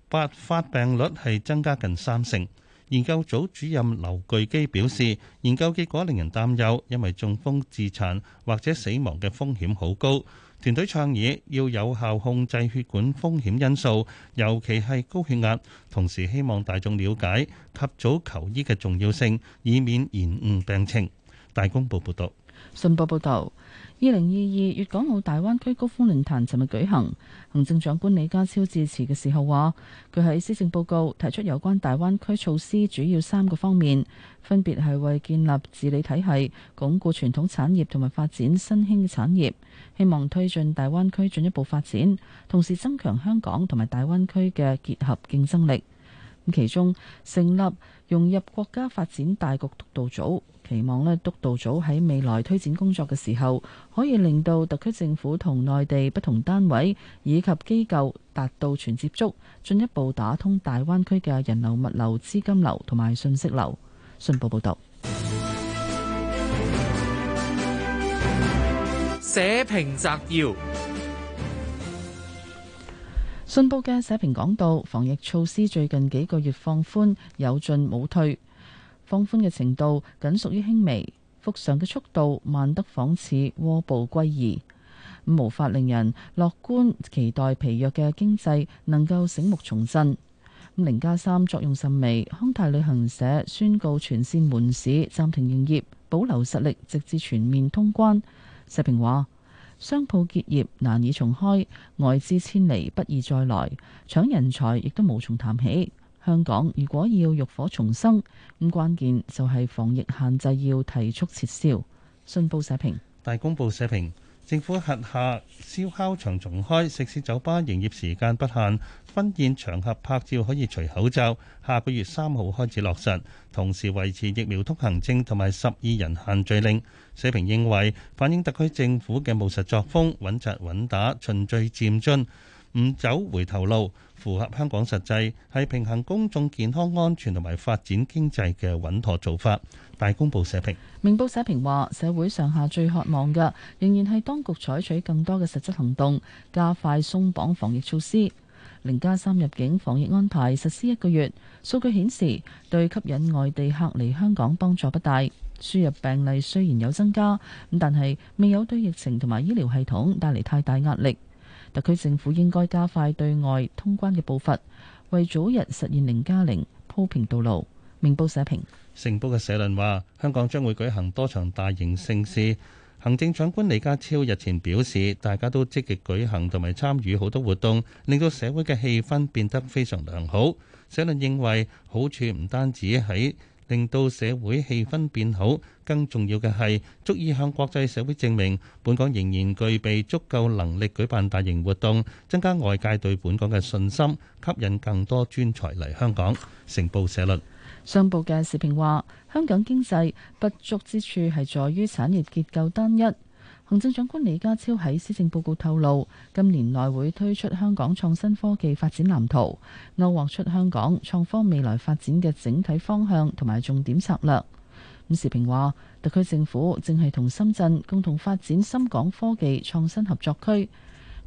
發發病率係增加近三成。研究組主任劉巨基表示，研究結果令人擔憂，因為中風致殘或者死亡嘅風險好高。團隊倡議要有效控制血管風險因素，尤其係高血壓。同時，希望大眾了解及早求醫嘅重要性，以免延誤病情。大公報報道。信報報導，二零二二粵港澳大灣區高峰論壇尋日舉行，行政長官李家超致辭嘅時候話，佢喺施政報告提出有關大灣區措施，主要三個方面，分別係為建立治理體系、鞏固傳統產業同埋發展新興產業，希望推進大灣區進一步發展，同時增強香港同埋大灣區嘅結合競爭力。咁其中成立融入國家發展大局督導組。期望呢，督導組喺未來推展工作嘅時候，可以令到特區政府同內地不同單位以及機構達到全接觸，進一步打通大灣區嘅人流、物流、資金流同埋信息流。信報報道。社評摘要：信報嘅社評講到，防疫措施最近幾個月放寬，有進冇退。放寬嘅程度僅屬於輕微，復常嘅速度慢得仿似蝸步歸移，無法令人樂觀期待疲弱嘅經濟能夠醒目重振。零加三作用甚微，康泰旅行社宣告全線門市暫停營業，保留實力直至全面通關。社評話：商鋪結業難以重開，外資遷離不易再來，搶人才亦都無從談起。香港如果要浴火重生，咁關鍵就係防疫限制要提速撤銷。信報社評。大公報社評，政府轄下燒烤場重開，食肆酒吧營業時間不限，婚宴場合拍照可以除口罩。下個月三號開始落實，同時維持疫苗通行證同埋十二人限聚令。社評認為反映特區政府嘅務實作風，穩紮穩打，循序漸進。唔走回頭路，符合香港實際，係平衡公眾健康安全同埋發展經濟嘅穩妥做法。大公報社評，明報社評話社會上下最渴望嘅，仍然係當局採取更多嘅實質行動，加快鬆綁防疫措施。零加三入境防疫安排實施一個月，數據顯示對吸引外地客嚟香港幫助不大。輸入病例雖然有增加，但係未有對疫情同埋醫療系統帶嚟太大壓力。特區政府應該加快對外通關嘅步伐，為早日實現零加零鋪平道路。明報社評，成報嘅社論話，香港將會舉行多場大型盛事。行政長官李家超日前表示，大家都積極舉行同埋參與好多活動，令到社會嘅氣氛變得非常良好。社論認為，好處唔單止喺令到社會氣氛變好，更重要嘅係足以向國際社會證明，本港仍然具備足夠能力舉辦大型活動，增加外界對本港嘅信心，吸引更多專才嚟香港。成報社論，上報嘅時評話，香港經濟不足之處係在於產業結構單一。行政長官李家超喺施政報告透露，今年內會推出香港創新科技發展藍圖，勾畫出香港創科未來發展嘅整體方向同埋重點策略。伍士平話，特區政府正係同深圳共同發展深港科技創新合作區，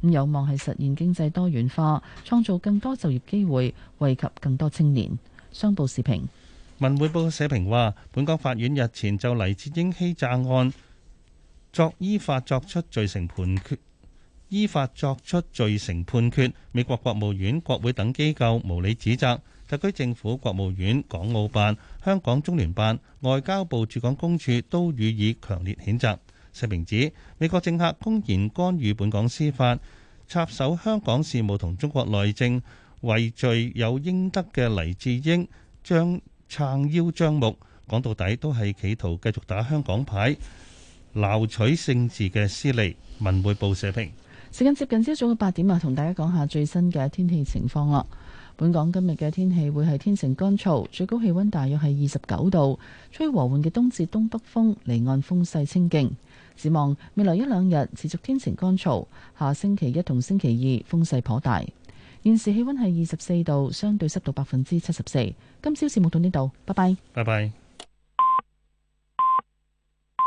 咁有望係實現經濟多元化，創造更多就業機會，惠及更多青年。商報時評，文匯報社評話，本港法院日前就黎智英欺詐案。作依法作出罪成判決，依法作出罪成判決。美國國務院、國會等機構無理指責特區政府，國務院、港澳辦、香港中聯辦、外交部駐港公署都予以強烈譴責。聲明指，美國政客公然干預本港司法，插手香港事務同中國內政，為罪有應得嘅黎智英將撐腰張目，講到底都係企圖繼續打香港牌。撈取政治嘅私利，文匯報社評。時間接近朝早嘅八點啊，同大家講下最新嘅天氣情況啦。本港今日嘅天氣會係天晴乾燥，最高氣温大約係二十九度，吹和緩嘅東至東北風，離岸風勢清勁。展望未來一兩日持續天晴乾燥，下星期一同星期二風勢頗大。現時氣温係二十四度，相對濕度百分之七十四。今朝節目到呢度，拜拜。拜拜。